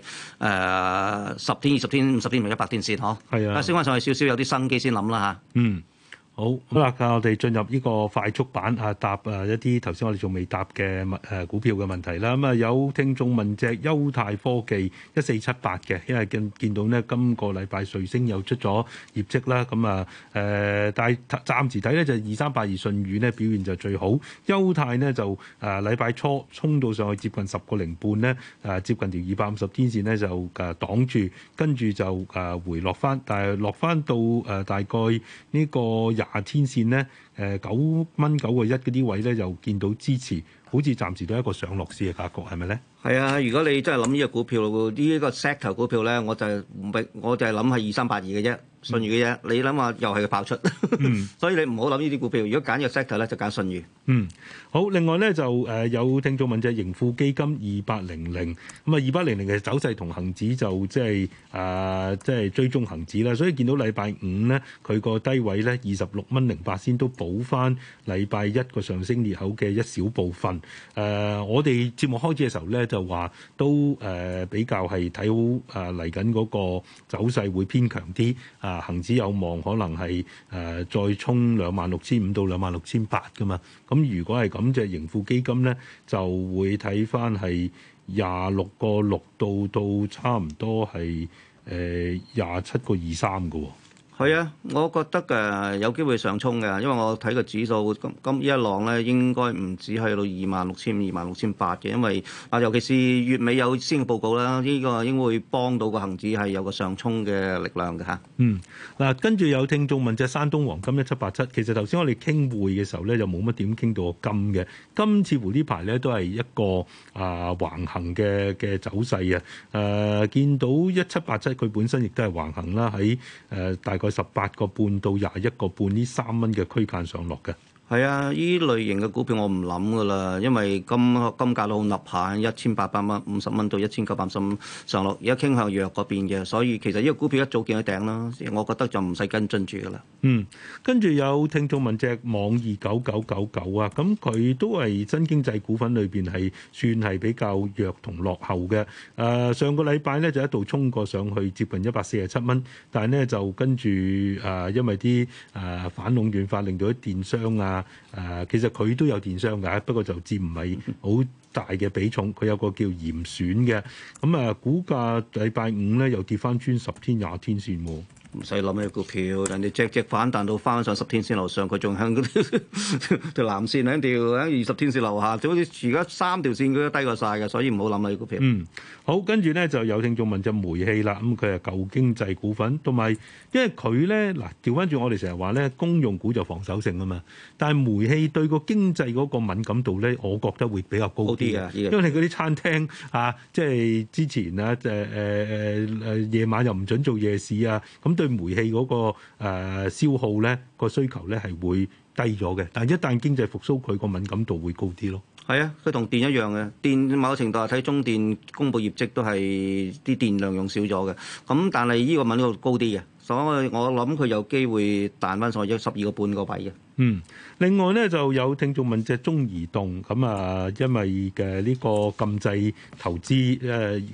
十天、二十天、五十天同一百天線呵，係啊，升翻是、啊啊、上去少少有啲生機先諗啦吓。啊、嗯。好，好啦，教我哋進入呢個快速版啊，答，一答啊一啲頭先我哋仲未答嘅問誒股票嘅問題啦。咁啊，有聽眾問隻丘鈦科技一四七八嘅，因為見見到呢今個禮拜瑞星又出咗業績啦。咁啊誒、呃，但係暫時睇咧就二三八二舜宇呢表現就最好，丘鈦呢就誒禮拜初衝到上去接近十個零半呢，誒、啊、接近條二百五十天線呢就誒擋住，跟住就誒回落返，但係落返到誒大概呢、這個。廿天線咧，誒九蚊九個一嗰啲位咧，又見到支持，好似暫時都係一個上落市嘅格局，係咪咧？係啊，如果你真係諗呢隻股票，呢、這、一個石頭股票咧、就是，我就唔係，我就係諗係二三八二嘅啫。信譽嘅嘢，你諗下又係佢爆出， 所以你唔好諗呢啲股票。如果揀個 sector 咧，就揀信譽。嗯，好。另外咧就誒有、呃、聽眾問隻，盈富基金二八零零咁啊，二八零零嘅走勢同恒指就即係誒即係追蹤恒指啦。所以見到禮拜五呢，佢個低位咧二十六蚊零八仙都補翻禮拜一個上升裂口嘅一小部分。誒、呃，我哋節目開始嘅時候咧就話都誒、呃、比較係睇好誒嚟緊嗰個走勢會偏強啲啊。呃啊，恒指有望可能係誒、呃、再衝兩萬六千五到兩萬六千八嘅嘛。咁如果係咁，隻盈富基金咧就會睇返係廿六個六到到差唔多係誒廿七個二三嘅。呃係啊，我覺得誒有機會上沖嘅，因為我睇個指數今今呢一浪咧，應該唔止去到二萬六千二萬六千八嘅，因為啊，尤其是月尾有先嘅報告啦，呢個應該會幫到個恒指係有個上沖嘅力量嘅嚇。嗯，嗱，跟住有聽眾問隻山東黃金一七八七，其實頭先我哋傾會嘅時候咧，就冇乜點傾到個金嘅，金似乎呢排咧都係一個啊、呃、橫行嘅嘅走勢啊。誒、呃，見到一七八七佢本身亦都係橫行啦，喺誒、呃、大概。十八個半到廿一個半呢，三蚊嘅區間上落嘅。係啊，依類型嘅股票我唔諗噶啦，因為金金價佬立限，一千八百蚊五十蚊到一千九百五十蚊上落。而家傾向弱嗰邊嘅，所以其實呢個股票一早見到頂啦。我覺得就唔使跟進住噶啦。嗯，跟住有聽眾問隻網易九九九九啊，咁佢都係新經濟股份裏邊係算係比較弱同落後嘅。誒、啊，上個禮拜呢，就一度衝過上去接近一百四十七蚊，但係呢，就跟住誒、啊、因為啲誒、啊、反壟斷法令到啲電商啊～啊，誒，其實佢都有電商嘅，不過就佔唔係好大嘅比重。佢有個叫嚴選嘅，咁啊，股價禮拜五咧又跌翻穿十天廿天線喎。唔使諗呢個股票，人哋只只反彈到翻上十天線樓上，佢仲向嗰條藍線喺度，喺二十天線樓下，就好似而家三條線佢都低過晒嘅，所以唔好諗啦個股票。嗯，好，跟住咧就有聽眾問隻煤氣啦，咁佢係舊經濟股份，同埋因為佢咧嗱調翻轉，我哋成日話咧公用股就防守性啊嘛，但係煤氣對個經濟嗰個敏感度咧，我覺得會比較高啲嘅，因為佢啲餐廳啊，即係之前啊，誒誒誒誒夜晚又唔準做夜市啊，咁。對煤氣嗰個誒消耗咧個需求咧係會低咗嘅，但係一旦經濟復甦，佢個敏感度會高啲咯。係啊，佢同電一樣嘅，電某程度係睇中電公布業績都係啲電量用少咗嘅，咁但係呢個敏感度高啲嘅，所以我諗佢有機會彈翻上去一十二個半個位嘅。嗯，另外咧就有聽眾問隻中移動咁啊、嗯，因為嘅呢個禁制投資誒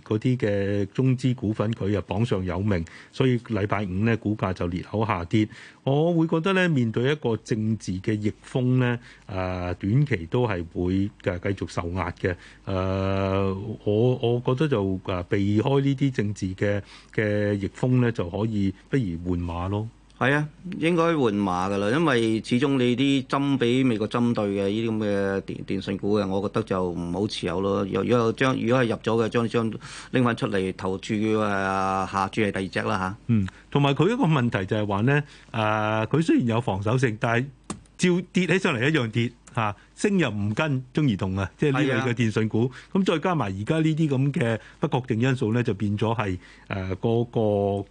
嗰啲嘅中資股份，佢啊榜上有名，所以禮拜五咧股價就裂口下跌。我會覺得咧，面對一個政治嘅逆風咧，誒、呃、短期都係會嘅繼續受壓嘅。誒、呃、我我覺得就誒避開呢啲政治嘅嘅逆風咧就可以，不如換馬咯。係啊，應該換馬㗎啦，因為始終你啲針俾美國針對嘅呢啲咁嘅電電信股嘅，我覺得就唔好持有咯。如果如果將如果係入咗嘅，將將拎翻出嚟投注誒下注係第二隻啦嚇。嗯，同埋佢一個問題就係話咧，誒、呃、佢雖然有防守性，但係照跌起上嚟一樣跌。啊，升入唔跟中移動啊，即係呢類嘅電信股。咁、啊、再加埋而家呢啲咁嘅不確定因素咧，就變咗係誒個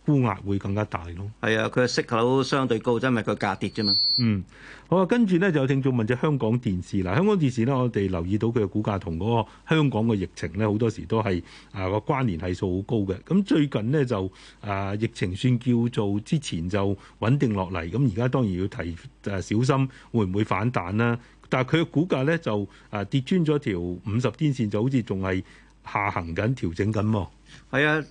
估壓會更加大咯。係啊，佢嘅息口相對高，真係佢價跌啫嘛。嗯，好啊。跟住咧就有聽眾問隻香港電視啦。香港電視咧，我哋留意到佢嘅股價同嗰個香港嘅疫情咧，好多時都係啊個關聯係數好高嘅。咁最近呢，就啊、呃、疫情算叫做之前就穩定落嚟，咁而家當然要提誒、呃、小心，會唔會反彈啦。但係佢嘅股價咧就啊跌穿咗條五十天線，就好似仲係下行緊、調整緊喎。係啊，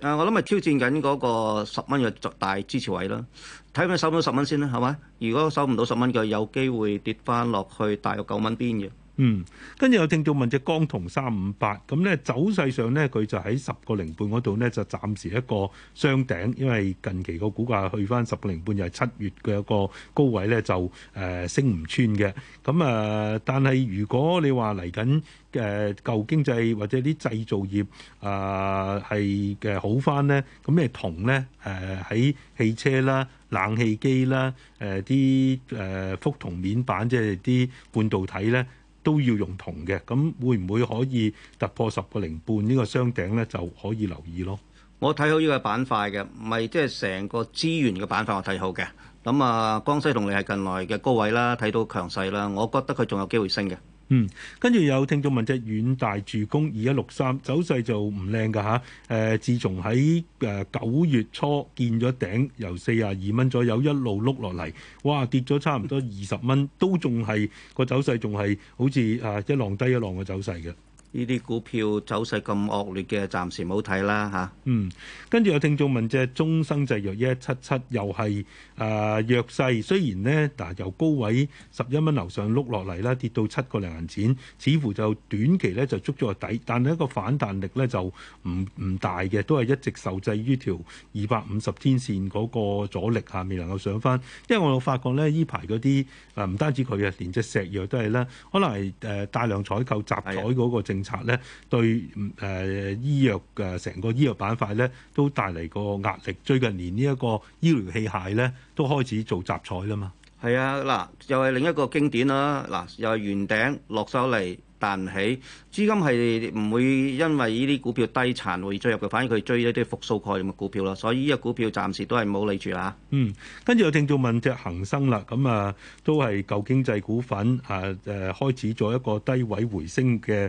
誒我諗係挑戰緊嗰個十蚊嘅大支持位啦。睇佢收唔到十蚊先啦，係咪？如果收唔到十蚊嘅，有機會跌翻落去大約九蚊邊嘅。嗯，跟住有聽眾問隻江銅三五八咁咧，走勢上咧，佢就喺十個零半嗰度咧，就暫時一個雙頂，因為近期個股價去翻十個零半，又係七月嘅一個高位咧，就誒、呃、升唔穿嘅。咁啊、呃，但係如果你話嚟緊誒舊經濟或者啲製造業啊係嘅好翻咧，咁咩銅咧誒喺汽車啦、冷氣機啦、誒啲誒覆銅面板，即係啲半導體咧，都要用銅嘅，咁會唔會可以突破十個零半呢、呢個雙頂咧？就可以留意咯。我睇好呢個板塊嘅，唔係即係成個資源嘅板塊我，我睇好嘅。咁啊，江西銅你係近來嘅高位啦，睇到強勢啦，我覺得佢仲有機會升嘅。嗯，跟住有聽眾問隻遠大住工二一六三，走勢就唔靚㗎吓。誒、啊，自從喺誒九月初見咗頂，由四十二蚊左右一路碌落嚟，哇，跌咗差唔多二十蚊，都仲係個走勢仲係好似啊一浪低一浪嘅走勢嘅。呢啲股票走勢咁惡劣嘅，暫時冇睇啦吓。啊、嗯，跟住有聽眾問，隻中生製藥一一七七又係誒、呃、弱勢，雖然咧嗱、啊、由高位十一蚊樓上碌落嚟啦，跌到七個零銀錢，似乎就短期咧就觸咗個底，但係一個反彈力咧就唔唔大嘅，都係一直受制於條二百五十天線嗰個阻力未能夠上翻。因為我發覺咧呢排嗰啲誒唔單止佢啊，連隻石藥都係啦，可能係誒、呃、大量採購集採嗰個政。政策咧對誒、呃、醫藥嘅成、呃、個醫藥板塊咧都帶嚟個壓力，最近連呢一個醫療器械咧都開始做集採啦嘛。係啊，嗱又係另一個經典啦、啊，嗱又係圓頂落手嚟。但係資金係唔會因為呢啲股票低殘會追入嘅，反而佢追一啲復甦概念嘅股票咯。所以呢個股票暫時都係唔好理住嚇。嗯，跟住又聽到問隻恒生啦，咁啊都係舊經濟股份啊誒、啊、開始咗一個低位回升嘅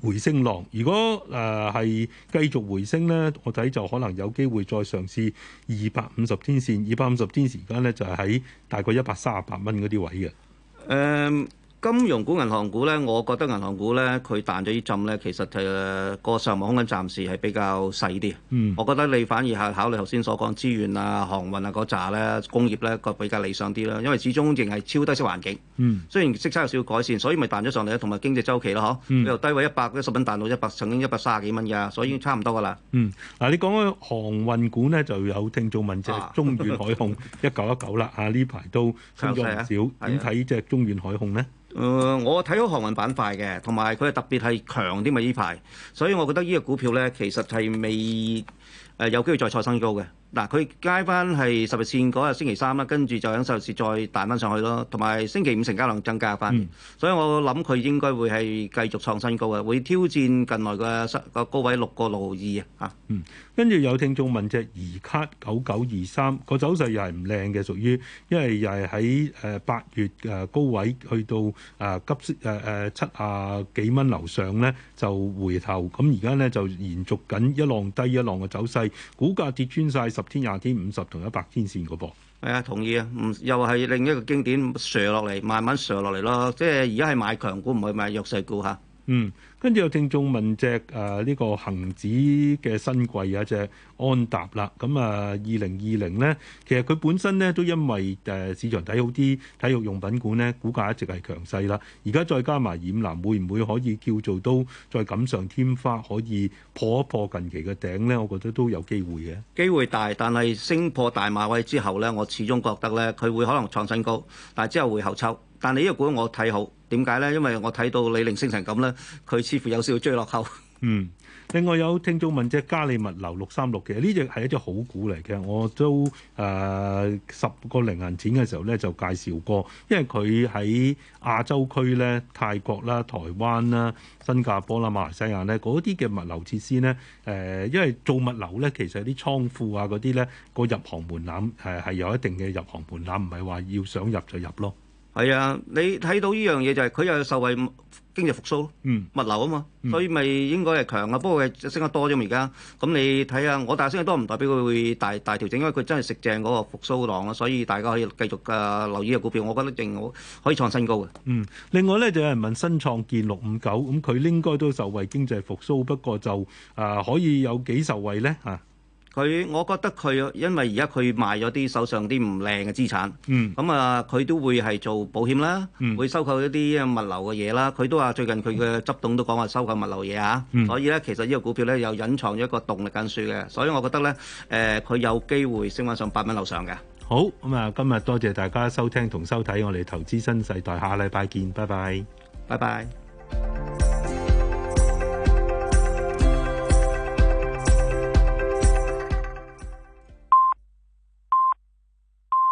回升浪。如果誒係、啊、繼續回升呢，我睇就可能有機會再嘗試二百五十天線，二百五十天時間呢，就係、是、喺大概一百三十八蚊嗰啲位嘅。誒、嗯。金融股、銀行股咧，我覺得銀行股咧，佢彈咗啲針咧，其實誒個上網空間暫時係比較細啲。嗯，我覺得你反而係考慮頭先所講資源啊、航運啊嗰紮咧，工業咧個比較理想啲啦。因為始終仍係超低息環境。嗯。雖然息差有少少改善，所以咪彈咗上嚟咯，同埋經濟周期咯，嗬。嗯。又低位一百，一十蚊彈到一百，曾經一百三十幾蚊㗎，所以已經差唔多㗎啦。嗯。嗱，你講開航運股呢，就有聽眾問隻中遠海控一九一九啦，啊呢排 都升咗唔少，點睇隻中遠海控呢？誒、呃，我睇好航運板塊嘅，同埋佢特別係強啲嘛，依排，所以我覺得依個股票呢，其實係未、呃、有機會再再創新高嘅。嗱，佢街翻係十日線嗰日星期三啦，跟住就喺十日線再彈翻上去咯。同埋星期五成交量增加翻，嗯、所以我諗佢應該會係繼續創新高嘅，會挑戰近來嘅個高位六個六毫二啊！嚇，嗯，跟住有聽眾問隻移卡九九二三個走勢又係唔靚嘅，屬於因為又係喺誒八月誒高位去到啊急升誒、啊、七啊幾蚊樓上咧，就回頭咁而家咧就延續緊一浪低一浪嘅走勢，股價跌穿晒十十天、廿天五十同一百天線個噃，係啊，同意啊，唔又係另一個經典，瀡落嚟，慢慢瀡落嚟咯。即係而家係買強股，唔係買弱勢股吓。嗯。跟住有聽眾問隻誒，呢個恒指嘅新貴啊，隻安踏啦，咁啊二零二零呢，其實佢本身呢都因為誒，市場睇好啲體育用品股呢，股價一直係強勢啦。而家再加埋染藍，會唔會可以叫做都再錦上添花，可以破一破近期嘅頂呢？我覺得都有機會嘅。機會大，但係升破大馬位之後呢，我始終覺得呢，佢會可能創新高，但係之後會後抽。但係呢隻股我睇好，點解咧？因為我睇到李寧升成咁咧，佢似乎有少少追落後。嗯，另外有聽眾問隻嘉里物流六三六嘅，呢隻係一隻好股嚟嘅。我都誒十、呃、個零銀錢嘅時候咧就介紹過，因為佢喺亞洲區咧泰國啦、台灣啦、新加坡啦、馬來西亞咧嗰啲嘅物流設施咧誒、呃，因為做物流咧其實啲倉庫啊嗰啲咧，個入行門檻係係有一定嘅入行門檻，唔係話要想入就入咯。係啊，你睇到呢樣嘢，就係佢又受惠經濟復蘇，嗯、物流啊嘛，所以咪應該係強啊。嗯、不過佢升得多啫嘛，而家咁你睇下，我大升得多唔代表佢會大大調整，因為佢真係食正嗰個復蘇浪啊，所以大家可以繼續嘅留意隻股票，我覺得一定好可以創新高嘅。嗯，另外咧就有人問新創建六五九，咁佢應該都受惠經濟復蘇，不過就啊、呃、可以有幾受惠咧吓？啊佢，我覺得佢因為而家佢賣咗啲手上啲唔靚嘅資產，嗯，咁啊佢都會係做保險啦，會收購一啲物流嘅嘢啦。佢都話最近佢嘅執董都講話收購物流嘢啊。所以咧，其實呢個股票咧又隱藏咗一個動力緊鑄嘅，所以我覺得咧，誒佢有機會升翻上八蚊樓上嘅。好咁啊，今日多謝大家收聽同收睇我哋投資新世代，下禮拜見，拜拜，拜拜。